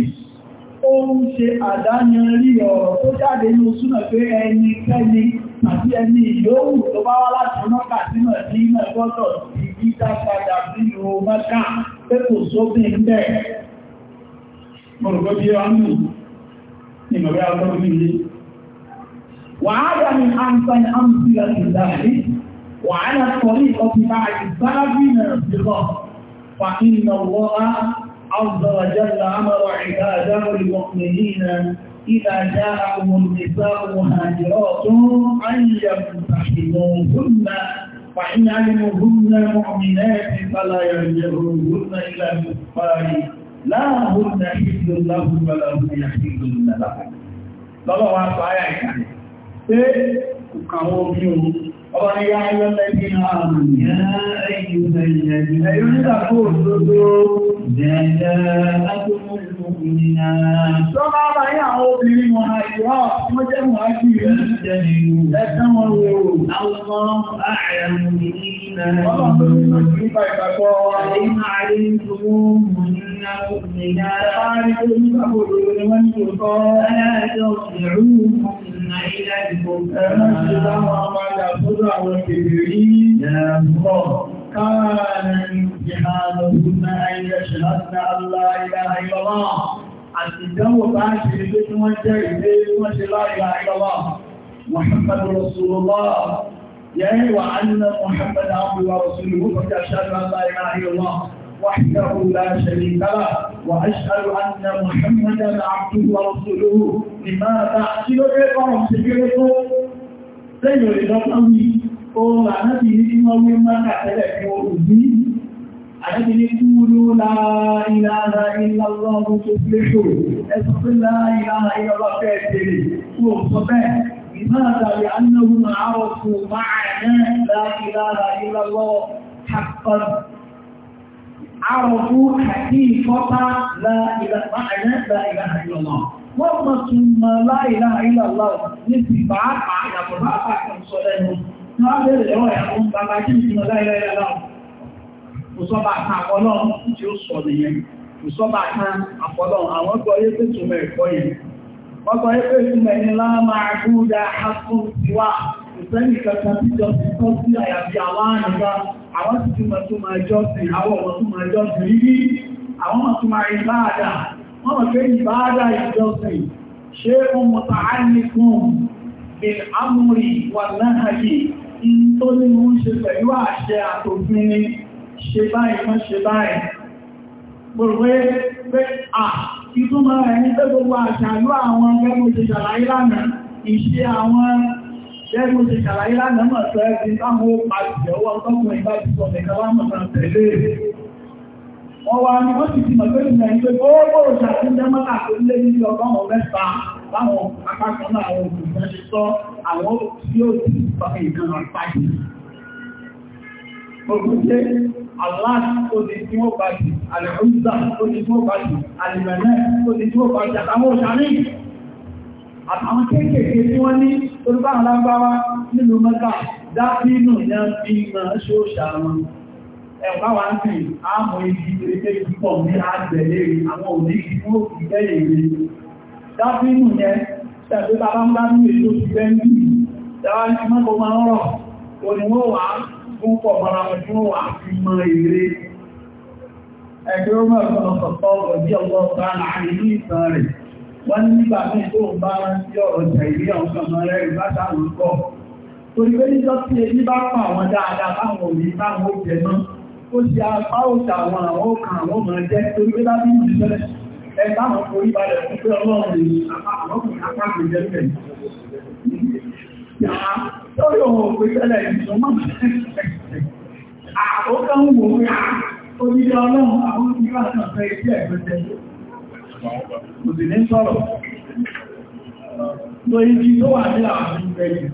ó ń ṣe àdáyanrí ọ̀rọ̀ tó jáde inú súnà pé ẹni kẹ́ni àti ẹni ìyóòwò tó bá wá láti mọ́kà sínú ẹ̀dí iná gbọ́dọ̀ ti padà sínú mọ́kà pé kò عز وجل أمر عباده المؤمنين إذا جاءهم النساء مهاجرات أن يمتحنوهن فإن علموهن مؤمنات فلا يرجعوهن إلى الكفار لا هن حفظ لهم ولا هم يحلون لهم. لولا وقت آية kàwọn bí o ọba ní yá ayọ́ lẹ́bí ààrùn yá ẹ̀yù ẹ̀yù ẹ̀yù nígbàkó òṣòdó jẹ́jẹ́ agbóhùnmùnìyà tó bá bá yá àwọn obìnrin wọn àìyọ́ wọ́n jẹ́ mọ̀ ájú ẹ̀ẹ́jẹ́ ẹ̀ẹ́jẹ́ wọn wọ́n nípa ìgbàgbọ́ wa. Àdéhùn àríntùmú nínú ìlà àárín ìgbàgbọ́ ni wọ́n ní òkọ́. Aláàjọ ìrú nínú ilé ìgbò. Ẹ̀rọ ti bá wọn máa dà sódò àwọn kèbèrè yìí. كان امتحانهن أن يشهدن أن لا إله إلا الله àtìdánwò bá ń ṣe ilé tí wọ́n jẹ́ ilé wọ́n ṣe láàrin àìlọ́wà Muhammadu Rasulullah يهوى أن محمد عبد ورسوله فأشهد أن لا إله إلا الله وحده لا شريك له وأشهد أن محمدا عبده ورسوله لما تحصل إقام سبيله سيد الأمي قول أنا بني أمي ما كتلك يومي أنا بني لا إله إلا الله تفلحوا أسف لا إله إلا الله كاتلي وصبح لماذا؟ لأنهم عرفوا معنى لا إله إلا الله حقا عرفوا حقيقة لا إله معنى لا إله إلا الله وما ثم لا إله إلا الله نتبع معنى مرافع من صلاتهم هذا الرواية هم بمجين ثم لا إله إلا الله وصبع تعالى وصبع تعالى وصبع تعالى àwọn ọgbọ̀ yẹ́ pẹ̀tùmẹ̀ ẹ̀kọ́ yẹn Ọkọ̀ ẹgbẹ́ ìtumọ̀ ẹni láàmà àgúdà àkùn tiwa, ìsẹ́ni kankan tí jọ sí tọ́ sí àyàfi àwọn àrùnbá, àwọn ti tún mọ̀ tún máa jọ sí, àwọn ọmọ tún máa jọ sí rí, àwọn ọmọ tún máa rí báadà, wọ́n mọ̀ pé ìbáadà ìjọsìn, ṣé ó mọ̀ tà á ní fún bil amúrì wà náà yìí, in tó ìtumọ̀ ẹni pé gbogbo àṣàlú àwọn gẹ́gbùn ti ṣàlàyé lánàá ìṣe àwọn gẹ́gbùn ti ṣàlàyé lánàá mọ̀ sọ ẹgbẹ́ táwọn ó pàṣẹ ọwọ́ tọ́kùn ìbá ti sọ nìkan wá mọ̀ náà tẹ̀lé wọ́n wá ní wọ́n sì ti mọ̀ pé ìmọ̀ ẹni pé gbogbo òṣàtúndẹ́ mọ́ta tó lé ní ogúnjẹ́ aláàtì tó ti tí wọ́n bájì alẹ́rúnzà tó ti tí wọ́n bájì alìmẹ̀lẹ́ tó ti tí wọ́n bájì àtàwọn òṣàrí àtàwọn kéèkèé tí wọ́n ní orúkọ alágbára nílùú mẹ́ta dábínù yá fi máa ṣóṣà wọn ẹ̀wọ̀n wá ń fi àmọ́ igi ilé púpọ̀ ní àgbẹ̀lẹ̀ àwọn òní ìfún òkúgbẹ́ èrè dábínù yẹn tẹ̀lé bàbá ń bá ní èso ti bẹ́ńdì tẹ̀wá ní mọ́kọ̀ máa ń rọ̀ òníwó wàá púpọ̀ bára wọn tí wọ́n wà fi mọ èrè ẹgbẹ́ ọmọ ọ̀pọ̀lọpọ̀ ọ̀dí ọgbọ́ ọ̀pá láàrin ní ìtàn rẹ̀ wọ́n nígbà mí tó ń bá wọn sí ọ̀rọ̀ tẹ̀lé ọ̀kan mọ́rẹ́ ìbátàwọn kọ́ torí pé níjọ́ tí àwọn dáadáa báwọn òní pé lábí ìlú sẹ́lẹ̀ ẹ báwọn forí balẹ̀ fún lórí òun òpè tẹ́lẹ̀ ìṣọ́mọ́ àkókò ń wò wí ah, onídé ọlọ́run àwọn ìgbà náà fẹ́ iṣẹ́ ẹ̀gbẹ́tẹ̀ kò sì ní sọ̀rọ̀ lórí ibi tó wà ní àwọn ìgbẹ̀yìn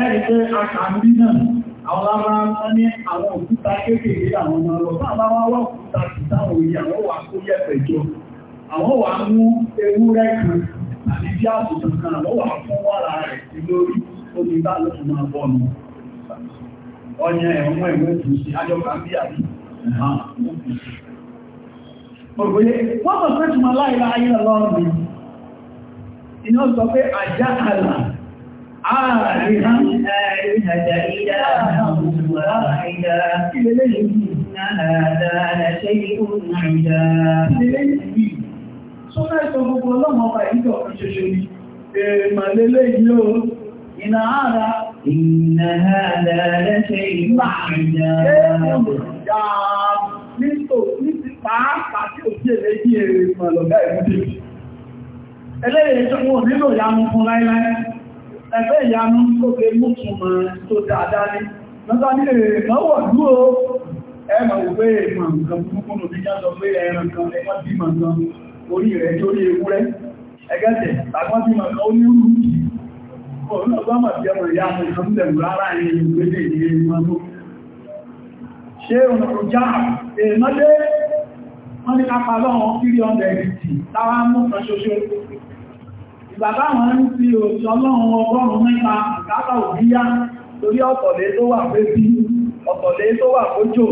ẹ̀rì pé àkàndí náà àwọn bí àbùtàn àwọn ó ti bá ló fún máa bọ́ mi ọyẹ ẹ̀wọ̀n ìwé tó ṣe ajọ́ká bí àbí ògbóyé wọ́n sọ pé láìlá ayé lọ́rùn mi iná sọ pé àjá àlà ààrin hàn ààrin àjà ìdá àwọn òṣùwà àìdá ilé yìí náà ṣe ìhùn àìdá ilé yìí sọ́nà ìsọ gbogbo ọlọ́mọ ọba ìjọ ọ̀kan ṣoṣo ni èèmà lélẹ́yìí إن هذا إن هذا لشيء عجاب Nítòsí ti pàápàá tí ò sí èlé jí èrè ìmọ̀ lọ̀gá ìmúdé. Ẹlẹ́yìn tó wọ́n nílò ìyanu fún láíláí. Ẹgbẹ́ ìyanu tó gbé mú túnmọ̀ tó dáadáa ní. Lọ́gbà ní èrè mọ́wọ̀ dúró ẹmà òfé ìmọ̀ nǹkan púpọ̀ rẹ̀ tó ní ewúrẹ́. Ẹgẹ́tẹ̀, Wọ́n ní kápa lọ́wọ́ 380 táwá mú kan ṣoṣo. Ìgbàtà wọn ń fi òṣìṣọ́ lọ́wọ́ ọgọ́rùn-ún mẹ́ta kápa òbíyá torí ọ̀tọ̀lé tó wà pé bí, ọ̀tọ̀lé tó wà kójò,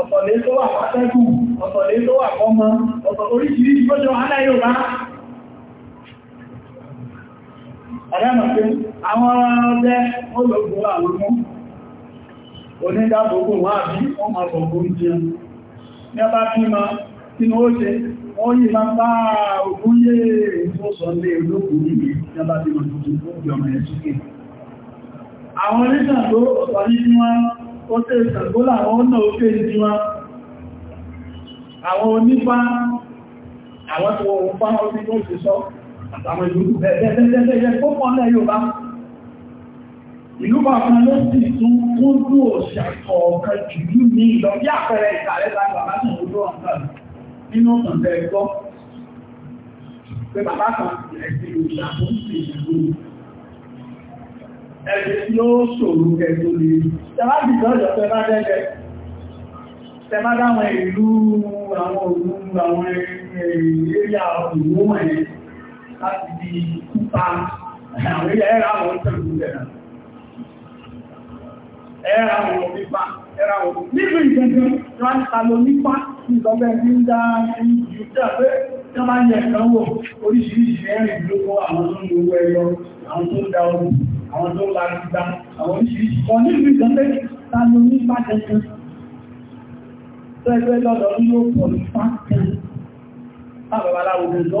ọ̀tọ̀lé tó wà pátẹ́kù, ọ̀tọ̀lé tó wà kọmọ, ọ̀tọ̀ Àdámọ̀pé àwọn ọlẹ́ ológun àwọn mú, onídàbògùn wà bí wọ́n máa bọ̀gùn jẹun. Ní ọba bí ma tí ó ṣe, wọ́n yìí máa bá ogun yé tó sọ lé ológun níbi ní ọba ma tuntun fún ìjọmọ̀ ẹ̀ sókè. Àwọn oníṣàgbó ọ̀sọ̀ ní tí wọ́n ó tẹ́ ìṣàgbó làwọn ó náà ó fẹ́ ìdí wọn. Àwọn onípa, àwọn tí àwọn ìlú bẹ̀ẹ̀bẹ̀ẹ̀bẹ̀ẹ̀ tó pọ̀ lẹ́ Yorùbá ìlú bàbá ló sì tún fún ní òṣà kọ̀ọ̀kan jùlú ní ìlọ bí àpẹẹrẹ ìkàlẹ́ lágbà láti ìlú ọ̀sán nínú ọ̀sán bẹ́ẹ̀ gbọ́ pé bàbá kan ẹ̀sìn òṣà tó ń sì ìlú ẹ̀sìn tí ó ṣòro kẹtó lè tẹ́lá bìtọ́ ìjọ tẹ́lá dẹ́gẹ́ àwọn òun àwọn èrè àwọn ìlú wọ̀nyẹn láti bí kúta àwọn ẹ̀rà àwọn ìtẹ̀lú ẹ̀rà. Ẹ̀rà àwọn onípa, ẹ̀rà àwọn nígbì ìgbẹ̀gbẹ̀ wọ́n ta nípa ìgbọ̀gbẹ̀ ní ń dá ìjù tẹ́ pé tí wọ́n bá yẹ kan wò oríṣiríṣi ẹ̀rìn lóko àwọn tó ń lo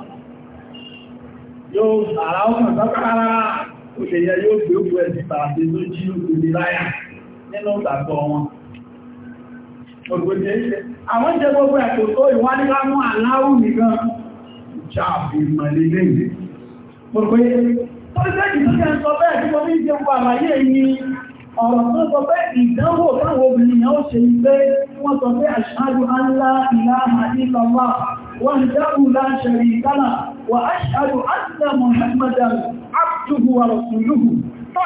yóò àrá ọmọ ìtọ́kára òṣèyẹ yóò gbé òkú ẹ̀sì tààtì tó jí òkú ní láyà nínú ìgbàgbọ́ wọn àwọn jẹ gbogbo ẹ̀kọ́ tó ìwádìí lámú aláwù nìkan ìjáàbì ìmọ̀lẹ̀ lẹ́yìn gbogbo Ọ̀rọ̀sẹ́kì tó kẹ́ ń sọ bẹ́ẹ̀ tí mo ní jẹ́ ń pa àlàyé ní ọ̀rọ̀ tó sọ bẹ́ ìdánwò táwọn obìnrin yàn ó ṣe ń gbé wọ́n sọ pé àṣáájú aláìláàmà ìlọ́wọ́ وحده لا شريك له وأشهد أن محمدا عبده ورسوله a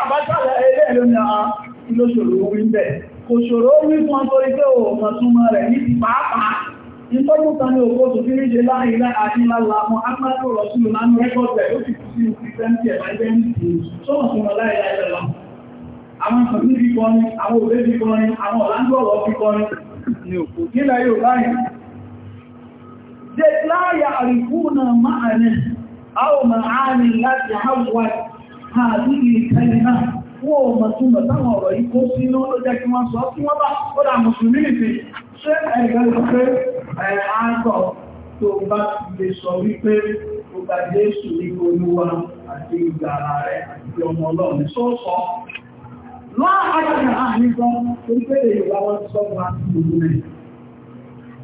ti pàápàá ìtọ́júta ní òkú oṣù kiri ṣe láàrínlá àdínláwà mọ́ agbájú rọ̀sùlù lánú rẹ́kọ̀ọ̀tẹ̀ ó ti kú sí ìfẹ́ntì ẹ̀fẹ́ ìfẹ́ntì sọ́nà fún ọláìlá ìlọ́lọ́ àwọn ìfẹ́ntì kíkọrin àwọn òbẹ́ kíkọrin àwọn they la ya'rifuna ma'ana aw ma'ani lati hawwa hadhihi kalima wo ma tun ba tawon ọ̀rọ̀ yìí kó sínú ló jẹ́ kí wọ́n sọ kí wọ́n bá ó dá mùsùlùmí nìfẹ́ ṣe ẹ̀gbẹ́ wípé ààtọ̀ tó bá sọ wípé ó gbà jésù ní olúwa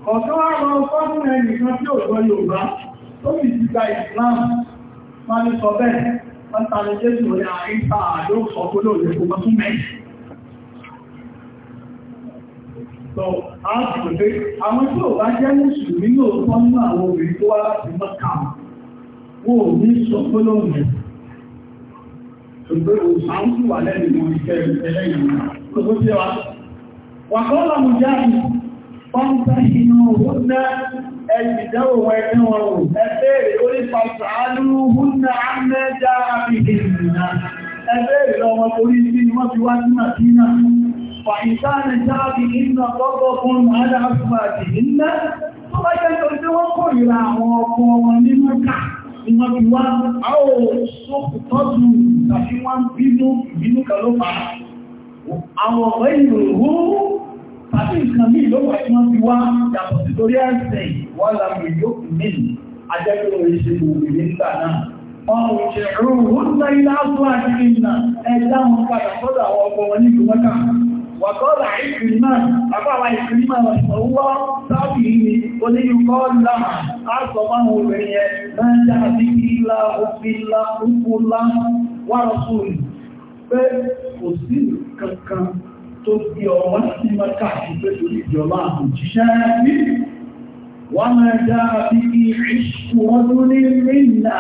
ọ̀kan wá lọ fọ́dún ẹnìkan tí ò gbọ́ Yorùbá tó sì ti gba Islam ní sọ bẹ́ẹ̀ wọ́n ta ní Jésù ní àríta àdó ọkọ́lò ìlú ọmọ tún mẹ́ So, a ti pè àwọn tí ò bá jẹ́ Mùsùlùmí yóò tọ́ nínú àwọn obìnrin tó wá láti Mọ́kà wọn ò ní sọ gbólóhùn ẹ̀. Wàkọ́lá Mùjáàdì فانتحنوهن البدو وينوه أبير قولي فاسألوهن عما جاء بهن أبير لو ما قولي من وفوات مكينة فإن كان جاء بهن غضب على أصواتهن فما ينتظر وقل لهم ومنك Ìmọ̀ bí wá, a ó sókùtọ́jú tàbí wọ́n bínú, bínú kàlọ́pàá. Àwọn ọ̀rẹ́ ìròhún tàbí nǹkan ní ìlọ́pàá tí wọ́n fi wá yàtọ̀ sí torí ẹ̀sẹ̀ wọ́n lámù yóò mí ajẹ́gbẹ̀rẹ̀ oríṣẹ́ gbogbo nígbà náà ọmọ ìṣẹ̀rù ó ń ilá fún náà ẹ̀dá padà àwọn wọn wàkọ́lá àpáwà tó fi ọwọ́ sí mẹ́ta ìgbẹ́ lórí ìjọba àmòjíṣẹ́ ní wọ́n máa dá bí i ìṣkú ọdún ní rínà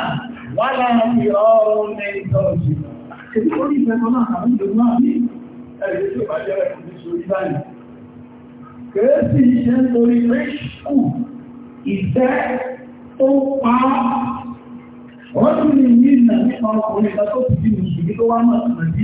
wà láàrin ọrùn ní ìtọ́jú Ìgbórí ìfẹ́kọ́ náà àwọn ìjọba náà ní ẹ̀rẹ́ tí ó bá jẹ́ ẹ̀kùn ní sórí báyìí. Kèésì iṣẹ́ lórí ríṣkù ìfẹ́ tó pa ọdún ní ìrìnà nípa ọkùnrin tó ti di mùsùlùmí tó wá mọ̀ sí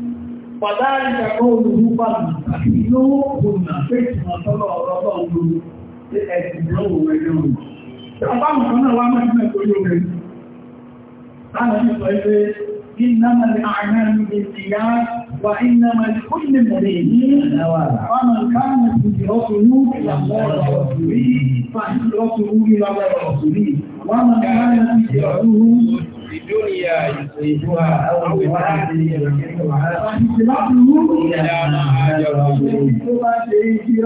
Fàdáríkà kóòlù bá mi àti lówó kòrò fèsì àtọ́lọ̀ ọ̀rọ̀lọ́ òun ẹ̀sìn lọ́wọ́ ẹ̀yọ́ òun. Àbáwọn kan náà wá mẹ́rin tó yóò rẹ̀. Láàrín ìsọ ilé, إنما الأعمال بالنيات وإنما لكل امرئ فمن كانت هجرته إلى الله ورسوله فهجرته إلى الله ورسوله ومن كانت هجرته في الدنيا يصيبها أو امرأته يملكها إلا ما هاجر إليه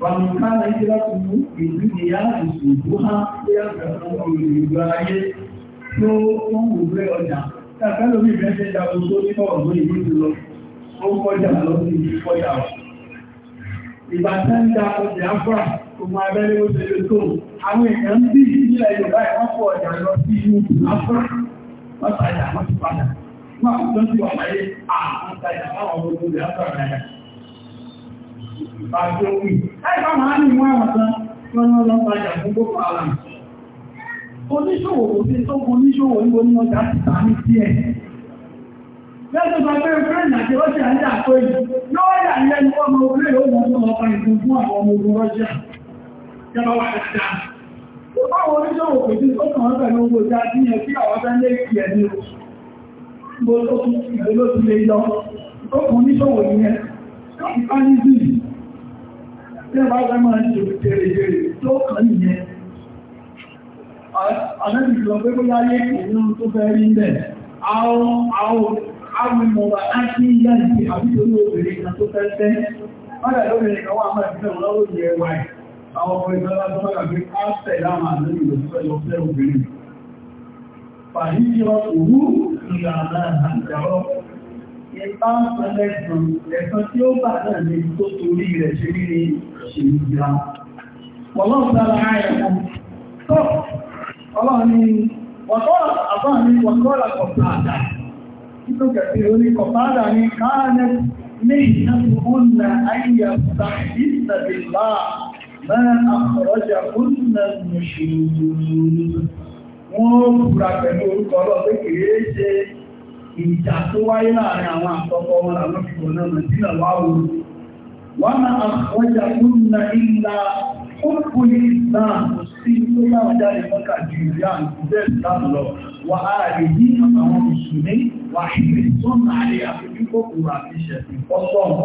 ومن كان هجرته في الدنيا يصيبها يفرحه بالله fún òwúrẹ́ ọjà tàbí omi ìfẹ́ ṣe ìjàbò tó ní ọ̀gbọ́n ìlú ti lọ ó kọjá lọ sí ìkọjá ìbátan dá ọjà áfíríkà òun abẹ́lé ó tẹ́lẹ̀ tó àwọn èèyàn bí ìpínlẹ̀ Yorùbá ìwọ́n pọ̀ ọ̀dà lọ sí inú ìlàfẹ́ wọ́n tàjà wọ́n ti padà wọ́n àkùtọ́ sí wà láyé àwọn tàjà àwọn ọmọ ogun ìlàfẹ́ rẹ̀ bàjọ́ wì ẹgbà máa ní wọ́n àwọn tán wọ́n lọ́ lọ́ tàjà fún gbogbo ara oníṣòwò kò sí tó kún oníṣòwò ń gbóní ọjà ti tà ní sí ẹ̀ Lẹ́gbẹ́ sọ pé Ukraine àti Russia ń jà pé yóò yà lẹ́nu ọmọ orílẹ̀-èdè ó mọ̀ sí jẹba wà dáadáa. Ó báwọn oníṣòwò kò sí ó kàn án pẹ̀lú owó ìjà tí yẹn kí àwọn ọ̀fẹ́ lé kí ẹni ìgbòló ti lè yọ. Ó kùn oníṣòwò nìyẹn. Ó kì bá ní bíi. Tí ẹ bá fẹ́ máa ń ṣe jèrèjèrè tó kàn nìyẹn. Àlẹ́bí lọ pé bóyá yé ìlú tó fẹ́ rí bẹ̀. Àwọn àwọn àwọn ìmọ̀ba á sí ìyá ìdí àbí torí obìnrin kan tó fẹ́ fẹ́. Mọ́lẹ̀ lóbìnrin kan wà máa ti àwọn ọmọ ìgbàlá tó wà pé á tẹ̀ láwọn àdúgbò lọ́sọ́ ìlọ́fẹ́ obìnrin. Fàyíyọ òwú ìlànà àjàrọ̀. Ìpá ń pẹ̀lẹ̀ kan, ẹ̀kan tí ó bà náà ní tó torí rẹ̀ ṣe rí ní ṣe ìgbà. Ọlọ́run sára ààrẹ̀ Tọ́, ọlọ́run ni, wọ̀tọ́ àbáà ní wọ̀tọ́ làkọ̀ọ̀tà àdá. Títọ́ kẹ̀sì orí kọ̀ọ̀tà máa àkọ̀rọ̀jà kúrùnà mùsùlùmí wọ́n búra pẹ̀lú orúkọ ọlọ́pẹ́ kìí ṣe ìjà tó wáyé láàrin àwọn àkọ́kọ́ wọn àwọn ìbò náà nàìjíríà wá wò wọ́n máa àkọ̀rọ̀jà kúrùnà ìlà kókòlì islam sí tó yáwó jáde mọ́kà ju àti ìṣẹ̀sìn fọ́sọ̀mù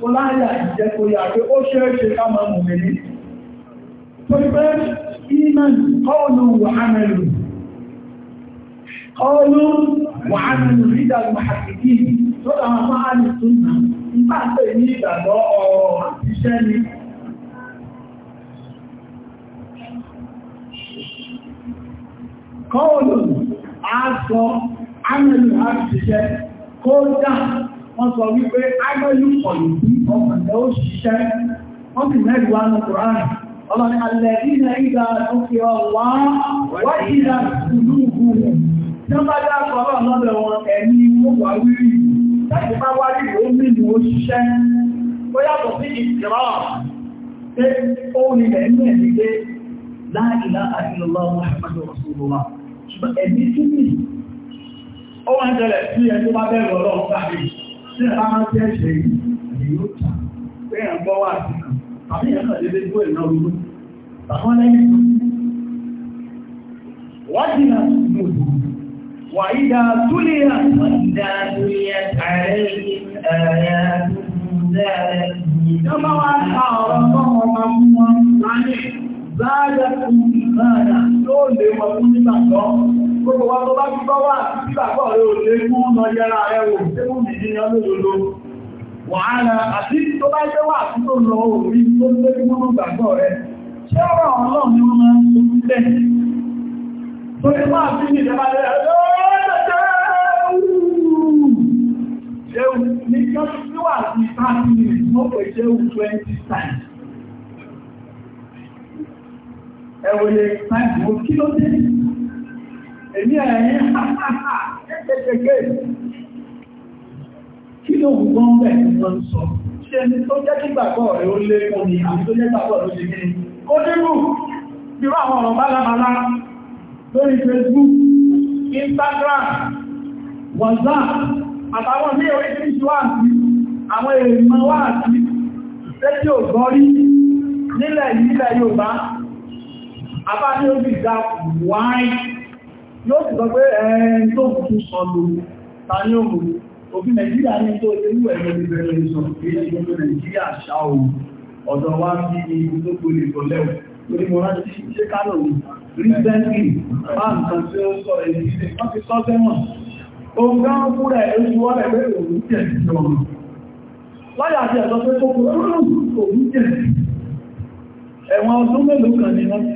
Fọláyà ìjẹ́ kò yà pé ó ṣe é ṣe ká máa pé ìmọ̀ kọ́ọ̀lù wàhánàlù. Kọ́ọ̀lù wàhánàlù rídà màhàkìkì tó dáwọn máa ní túnmà. Ìgbà ní ìgbàgbọ́ ọ̀rọ̀ ni. Kọ́ọ̀lù á ánàlù á wọ́n sọ wípé agbẹ́lú pọ̀lú sí ọkùnrin ó ṣiṣẹ́ wọ́n sì mẹ́rin wá ní Kùránì ọlọ́ni alẹ́ ìlẹ̀ ìgbà tó fi ọwá wáyìíra ìlúùgbù tí wọ́n bá ṣùgbọ́n ẹ̀mí tún ó wá ń sí ẹni tó bá bẹ̀rù ọlọ́run sáà ṣé ara tẹ́ ṣe yìí yóò tà bẹ́ẹ̀ ń gbọ́ wà sí kan tàbí ẹ̀ka dédé gbọ́ ìná orúkú tàbí lẹ́yìn wájú náà mú وإذا تليت وإذا تليت عليهم آياته Ìjọba wa ta ọ̀rọ̀ fọ́mọ ma mú wọn láyé, záyẹ̀ fún ìgbàdà tó lè wọ́n fún nígbàtọ́ gbogbo wa tó bá fi bọ́ wà sí bàbá rẹ̀ ò lè mú ọmọ yẹra rẹ̀ wò tí mú mi ní ọlọ́lọ́lọ́ wàhálà àti tó bá jẹ́ wà tó lọ orí tó lé mú gbàgbọ́ rẹ̀ ṣé ọ̀rọ̀ ọlọ́run ni wọ́n máa ń tó tẹ́ tó kí ló dé èmi ẹ̀yìn kékeré kí ló wù wọ́n bẹ̀ ní wọ́n sọ ṣe ní tó jẹ́ kí gbàgbọ́ rẹ̀ ó lé fún ni àti tó jẹ́ gbàgbọ́ rẹ̀ ó lé ní kó dínú bí wọ́n àwọn ọ̀rọ̀ bálábálá lórí Facebook Instagram WhatsApp àtàwọn ní orí tí ṣe wà sí àwọn èèmọ̀ wà sí tẹ́tí ò gọ́rí nílẹ̀ ìlẹ̀ Yorùbá àbá ní ó fi ga wáyé yóò sì sọ pé ẹ̀ẹ́n tó tún sọ lórí ta ní òun òfin nàìjíríà ní tó ewu ẹ̀rọ ìbẹ̀rẹ̀ ìsọ̀ èyí ìgbogbo tó gbolè sọlẹ́wọ̀ òun jẹ̀ sí ọ̀run ẹ̀wọ̀n ọdún mélòó kan ni wọ́n ti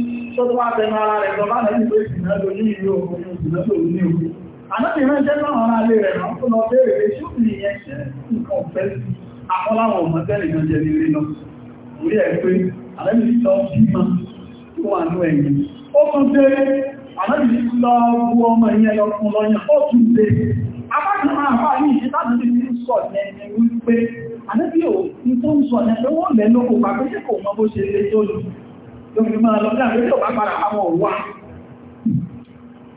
tó tó wá tẹnu ara rẹ̀ sọ bá lẹ́yìn pé ìsìnà ló ní ìlú òun ìsìnà tó ní òun ànábì rán jẹ́ náà ara lè rẹ̀ náà tó lọ bẹ́ẹ̀rẹ̀ pé ṣó ní ìyẹn ṣe nǹkan ọ̀fẹ́ sí akọ́láwọn ọmọ tẹ́lẹ̀ kan jẹ nílé lọ orí ẹ̀ pé ànábì lọ bímọ tó wà ní ẹ̀yìn ó tún dé ànábì lọ bu ọmọ ìyẹn lọ fún lọ́yàn ó tún dé apákan máa bá ní ìṣẹ́ láti fi ní sọ yẹn ni wípé ànábì ò ní tó ń sọ yẹn pé wọ́n lẹ́ tó fi máa lọ sí àwọn ìjọba padà àwọn òwà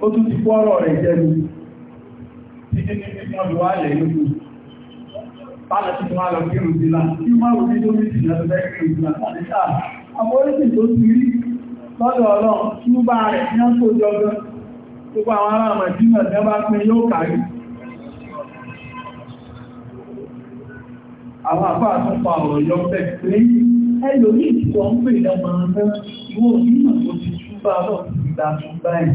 ó tún ti pọ́rọ̀ rẹ̀ jẹ́nu títí ní fífún ọdún wà lẹ̀ lókù pàdà tí wọ́n lọ kí rùdílà tí máa wù ní lóríṣì lọ́dọ̀ kí rùdílà tàbí sáà àwọn oríṣì tó ti rí lọ́dọ̀ ọlọ́run tí ó bá rẹ̀ ní ọkọ̀ jọgbọ́n gbogbo àwọn ará màjínà tí wọ́n bá pín yóò kàrí àwọn àpá àtúnfà ọ̀rọ̀ yọ pẹ̀ pé ẹlòmí ìtìtọ̀ ń pè lọ́mọ ọ̀rọ̀ ìwọ onímọ̀ tó ti túbà lọ ìgbà tó báyìí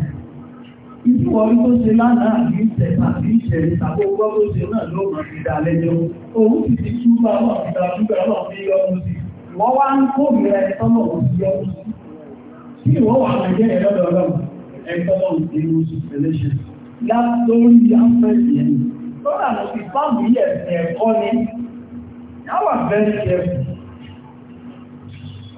ìtúwọ̀ orí tó ṣe lánàá àbí ìṣẹ̀lẹ̀ àbí ìṣẹ̀lẹ̀ tàbí ọgbọ́ tó ṣe náà ló mọ̀ sí ìdálẹ́jọ́ òun sì ti túbà lọ ìgbà tó bẹ̀rẹ̀ lọ sí ọdún sí wọ́n wá ń kó mi ẹni tọ́lọ̀ sí ọdún sí kí ìwọ́ wà á jẹ́ ẹ̀rọ lọ́rọ̀ ẹni tọ́lọ̀ sí ọdún sí ṣẹlẹ́ṣẹ̀ ẹ̀kọ́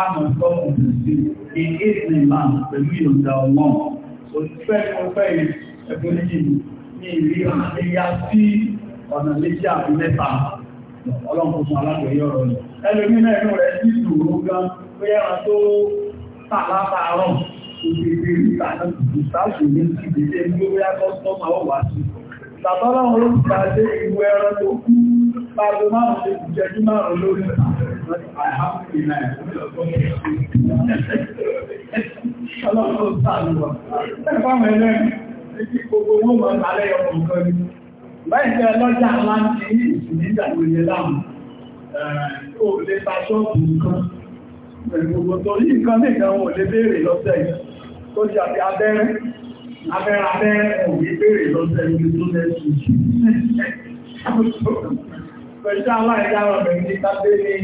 àmọ̀sọ́ òṣìṣẹ́ ìdí ìrìnlá pẹ̀lú ìyọ̀dá ọlọ́run òṣìṣẹ́ ìfẹ́ ẹ̀kùn ní ìrí ọ̀nà léyá sí ọ̀nà léjì àti mẹ́ta ọlọ́pùsùn alágbẹ̀yọ́ rọ̀ ní ẹlòmí náà inú rẹ̀ sí ìṣòro gan pé ẹran tó tà látàárọ̀ òṣèlú ìta náà ìtàṣù ní ìdíje lórí akọ́sọ́mà ó wà sí ìtàtọ́lọ́run ló ti pàdé ìwé ẹran tó kú pàdé márùn-ún lórí ìta Ọlọ́pọ̀ sáàlùwà. Ẹgbàmọ̀ ẹlẹ́rin, ẹjí gbogbo wọn wọ́n lálẹ́ ọkùn kan ní. Báyìí jẹ́ lọ́jà ńlá ti ní ìsìnlẹ̀ ìgbòyẹ láàmù. Ó lè ta ṣọ́ọ̀bù nǹkan. Gbogbo tó yí nǹkan ní ìgbà wọn ò lè béèrè lọ́sẹ̀ yìí. Tó ṣe àti abẹ́rẹ́, abẹ́rẹ́ abẹ́rẹ́ ò ní béèrè lọ́sẹ̀ yìí tó lẹ́sùn. Pẹ̀lú aláìdára bẹ̀rẹ̀ ní tábẹ́lẹ́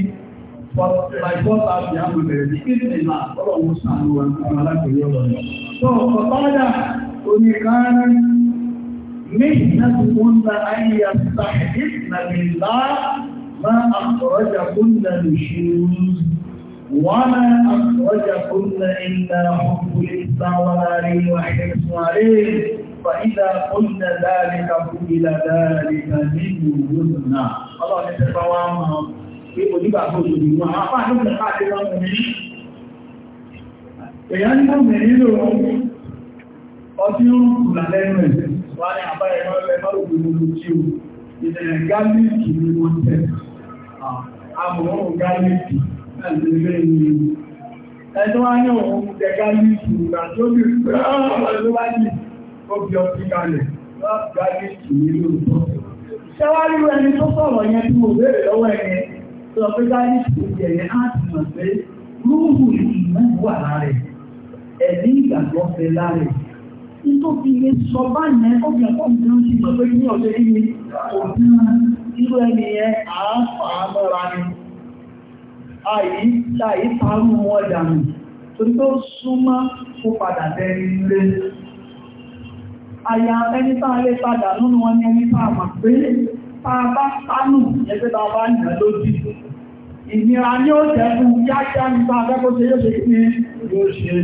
Mẹ́sìnàtìkúnnà ayé àtàkìtìnà bìlá máa àkọ̀rọ̀jà kúnnà lè ṣe rú wọ́n àkọ̀rọ̀jà kúnnà ìlà ọkùnrin ìsáwàlárí wà ẹ̀sùnwàrí fàídà kúnnà dáadìka kúnnà dáadìka nínú rúnnà. Ọlọ́run pé onígbàgbọ́ òṣèlú wọn àwọn apá àdúgbò káàkiri wọn mú mi èèyàn ní mú mi nílò ọtí ń kù lálẹ́nu ẹ̀ wá ní tí o ìdẹ̀rẹ̀ gáàlìkì ni wọ́n tẹ̀ àmọ̀ràn gáàlìkì láti ilé ìlú ẹjọ́ wá ní òun jẹ gáàlìkì ìgbà tó bí ah, rẹ̀ ló bá jì sọ pé káyé ìṣòro ẹ̀yẹ á ti mọ̀ pé rúùrù ìmọ̀ wà lára ẹ̀mí ìgbàgbọ́ fẹ́ lára tó fi lè sọ báyìí ọmọ ẹ̀kọ́ ìdíwọ́n ti sọ pé ní ọ̀sẹ̀ ilé òfin irú ẹni ẹ ni àyí ṣàyí parú wọn dànù torí tó súnmọ́ fún padà tẹ́rí ilé àyà ẹni tá lè padà nínú wọn ni ẹni tá àmà pé tá a bá sánù ẹgbẹ́ bá yàn lójú ìnira ní ó tẹ́kù yájá nípa akẹ́kọ́ yóò ṣe kí yóò ṣe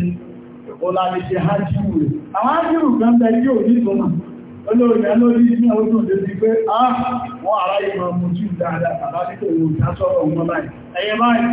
ọlàlẹ́ṣẹ́ hajjúù Àwọn hajjúù kan tẹ́ yóò ní ìgbọ́nà olóòrìn alórí ní ọdún tó ti pé á ará ìmọ̀ mú jù dáadáa bàbá títò ìwò ìdásọ́rọ̀ ọmọ báyìí. Ẹyẹ báyìí,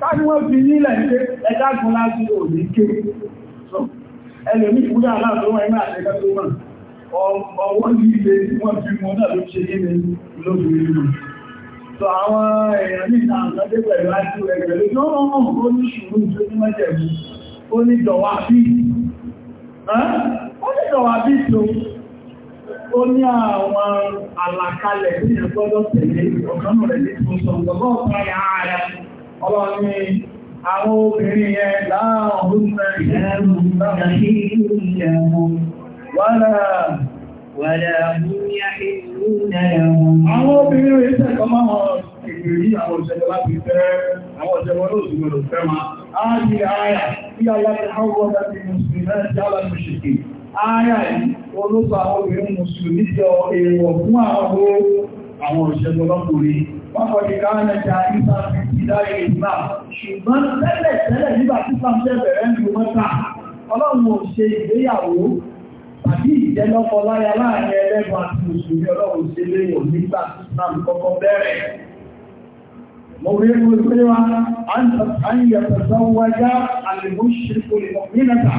káàkiri wọ́n fi nílẹ̀ ń pé ẹjágun láti òní ké ẹlòmí ìwúdá aláàtọ́wọ́ ẹgbẹ́ àtẹ́gbẹ́ tó mọ̀ ọwọ́ líle wọ́n fi mọ́ náà ló ṣe yíne lóbìnrin nù so àwọn èèyàn ní ìtàǹkọ́dé pẹ̀lú láti ẹgbẹ̀ lójú ọmọ ọmọ ó ní ṣùgbọ́n tó ní mẹ́jẹ̀mú ó ní dọ̀wà bí ó ní dọ̀wà bí tó ó ní àwọn àlàkalẹ̀ tí ìyẹn gbọ́dọ̀ tẹ̀lé ọ̀kan rẹ̀ ní ìfúnṣọ̀ ọ̀gbọ́n ọ̀pá ọlọ́run ní àwọn obìnrin yẹn láàrùn Àwọn obìnrin rẹ̀ tẹ́kọ máa ìgbèrí àwọn òṣèlú láti fẹ́ àwọn òṣèlú olóòsìgbèrò fẹ́ máa. A ti ààyà tí aláàrẹ̀ àwọn ọ̀dá ti Mùsùlùmí láti aláàrẹ̀ òṣèlú. Ààyà yìí, olóòsìgbèrò Mùsùlùmí jọ èèwọ̀ fún àwọn Wọ́pọ̀lì káwọn ẹja nípa ìdáyé ìgbà. Ṣùgbọ́n tẹ́lẹ̀ tẹ́lẹ̀ nígbà tí Fáńtẹ́ bẹ̀rẹ̀ ń lo mẹ́ta, ọlọ́run ò ṣe ìgbéyàwó tàbí ìjẹ́lọ́pọ̀ láyá láàrin ẹlẹ́gbọ́n àti òṣèlú ọlọ́run ṣe léèyàn nígbà tí Fáńtẹ́ kọ́kọ́ bẹ̀rẹ̀. موريه القوى أن يتزوج المشرك المؤمنة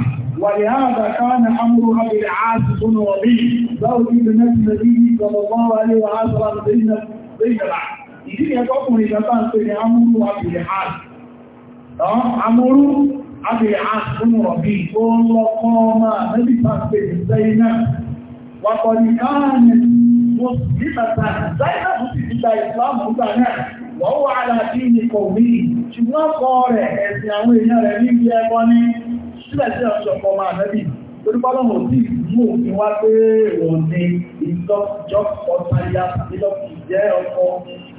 ولهذا كان أمر أبي العاص بن ربيع زوج ابنة النبي ìdí yẹn tọ́kùnrin ìjọba ń pè ní amúrú abìlẹ̀ hàn amúrú abìlẹ̀ hàn fún rọ̀bí ó ń lọ́kọ́ máa mẹ́bí pàṣẹ ìsẹ́yìn náà wàkọ̀ ní káàmì wọ́n sì bàtà zainab sì ti gba ìsìláàmù gbà náà wọ́n wà láti ní kọ̀wé ṣùgbọ́n kọ́ rẹ̀ ẹ̀sìn àwọn èèyàn rẹ̀ níbi ẹ̀kọ́ ní sílẹ̀ wá pé òun ni ìjọ́ ọ̀tàlẹ́ àti ìlọ́pù jẹ́ ọkọ̀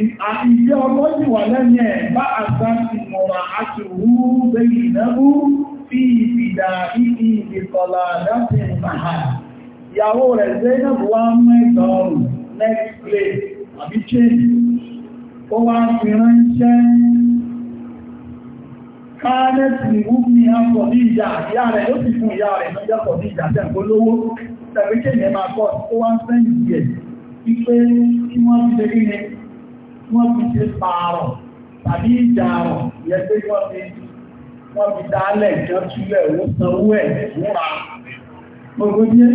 Ìyẹ́ ọlọ́jì wà lẹ́yìn bá àṣà ti mọ̀rọ̀ àti bẹ́yìn fi ìfìdà láti Ìyàwó rẹ̀ Zainab wá next place àbí change. Ó wá ìyá rẹ̀ ló ti fún ìyá rẹ̀ lọ́jọ́ tẹ́ ìpolówó tẹ̀wé kéèyàn máa kọ́ ó wá ń kí wọ́n ṣe kí ni wọ́n fi ṣe pààrọ̀ tàbí ìjàrọ̀ yẹ pé wọ́n fi wọ́n fi dálẹ̀ ìjọ́ túlẹ̀ ó sanwó ẹ̀ múra gbogbo jẹ́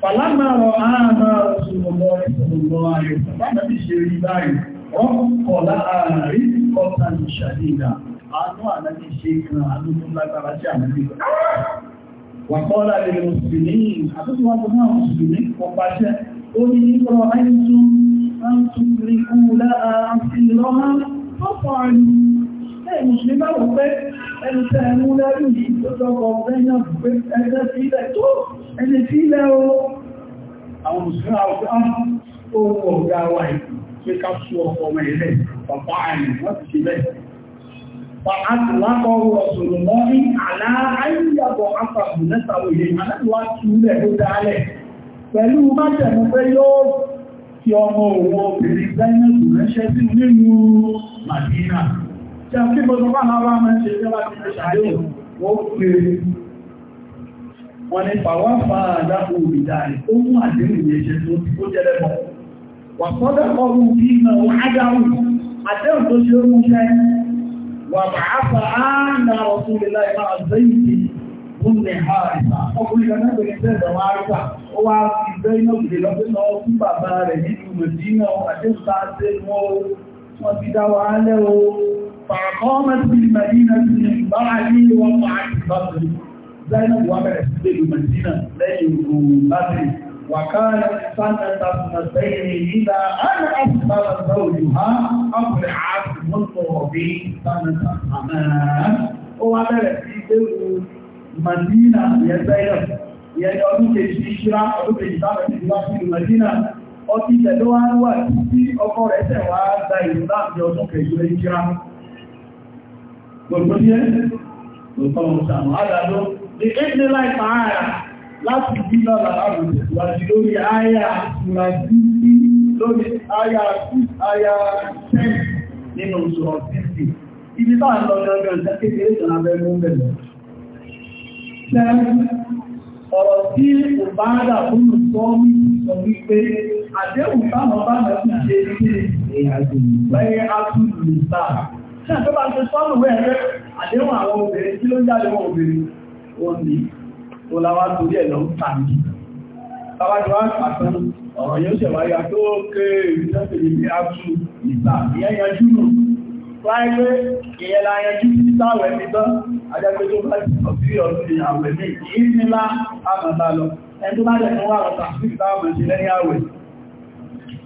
Fàlámàrọ̀ ààrẹ ọ̀sùnmọ̀ ìṣòro ààrẹ láti ṣe rí báyìí, wọ́n kọ̀ láàárín kọta ìṣàdínà, àánú àlájí ṣe kan àánú tó lágbára jẹ́ àmì. Wà kọ́ láàrin mùsùlùmí, àtúntò wọn tó náà mùsùlùmí kọ pàṣẹ, ó ní ìrọ̀ ayé tún أن تدركوا لها أصيرها فافعلوا ẹ̀ mùsùlùmí bá wù pé ẹni tẹ́ ẹmú lẹ́rù yìí tó tọ́kọ̀ ọ̀gbẹ́nà pé ẹgbẹ́ sí ilẹ̀ tó ẹni sí ilẹ̀ o àwọn mùsùlùmí àwọn ohun ọ̀gá wa pé ká sú ọkọ̀ ọmọ ilẹ̀ bàbá àìyàn wọ́n ti ṣe bẹ́ẹ̀ Fàáàtì lákọ̀ọ́rọ̀ ọ̀sọ̀rọ̀ mọ́ ní àlá ayíyàbọ̀ afàbùnẹ́sàwòye, àlẹ́ ìwá túnlẹ̀ ó dálẹ̀ pẹ̀lú májẹ̀mú pé yóò fi ọmọ òwò obìnrin zainab ránṣẹ́ sí nínú madina tí a kí gbogbo bá lábá máa ṣe jẹ́ láti fi ṣàlẹ́ wọ́n pè wọ́n ni pàwọ́ fàá àdápò ìdáyì ó mú àdéhùn ìyẹ̀ṣẹ́ tó ti kó jẹ́ lẹ́bọ̀ wà sọ́dọ̀ ọrùn bí iná wọ́n ágáwù àdéhùn tó ṣe mú ó wá fi bẹ́ẹ̀nà òkèlè lọ́pẹ́ lọ fún bàbá rẹ̀ nínú mẹ̀dínà àjẹ́sà tẹ́ mọ́ wọ́n ti dá wa lẹ́ o pàkọ́ mẹ́sìn mẹ̀dínà ti bẹ̀rẹ̀ sí pẹ̀lú mẹ̀dínà lẹ́yìn òòrùn ìyẹn ní ọdún kejì ṣíra ọdún kejì táwọn ti wá sí ìmọ̀dínà ọdún ìtẹ̀lú wà tí ọkọ rẹ̀ tẹ̀ wá gba ọzọ ọdún kejì lè ṣíra gbogbo ọ̀rọ̀ tí kò bá rà fún ìtọ́mí sọ wípé àdéhùn táwọn bá mọ̀ sí ṣe ṣe ẹ̀yà àtúntò ìta. Ṣé àtọ́bà ṣe sọ́nù wẹ́ẹ̀rẹ́ àdéhùn àwọn obìnrin tí ló ń jáde wọn obìnrin wọn ni ó láwá torí ẹ̀ lọ ń tà ní. Tàwájú wá pàtàn ọ̀rọ̀ yóò ṣẹ̀wáyà tó kéèrè Fáyé ìyẹn la yẹn jú sáwẹ̀ nìtán, àjẹ́gbé tó bá ti sọ sí ọdún àwẹ̀ ní ìyí nílá àmàlà lọ. Ẹn tó bá jẹ́ fún wà ọ̀tà sí ìtàwẹ̀ sí lẹ́yìn àwẹ̀.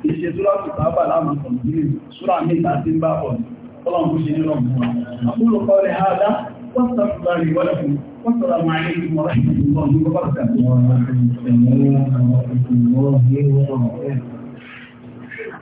Ìṣe túnlá ti sábà láàmà sọ̀rọ̀ nílé, súrà mítà tí ń bá bọ̀ طبعا مش هنا أقول قولي هذا واستغفر الله ولكم والسلام عليكم ورحمة الله وبركاته. ورحمة الله وبركاته.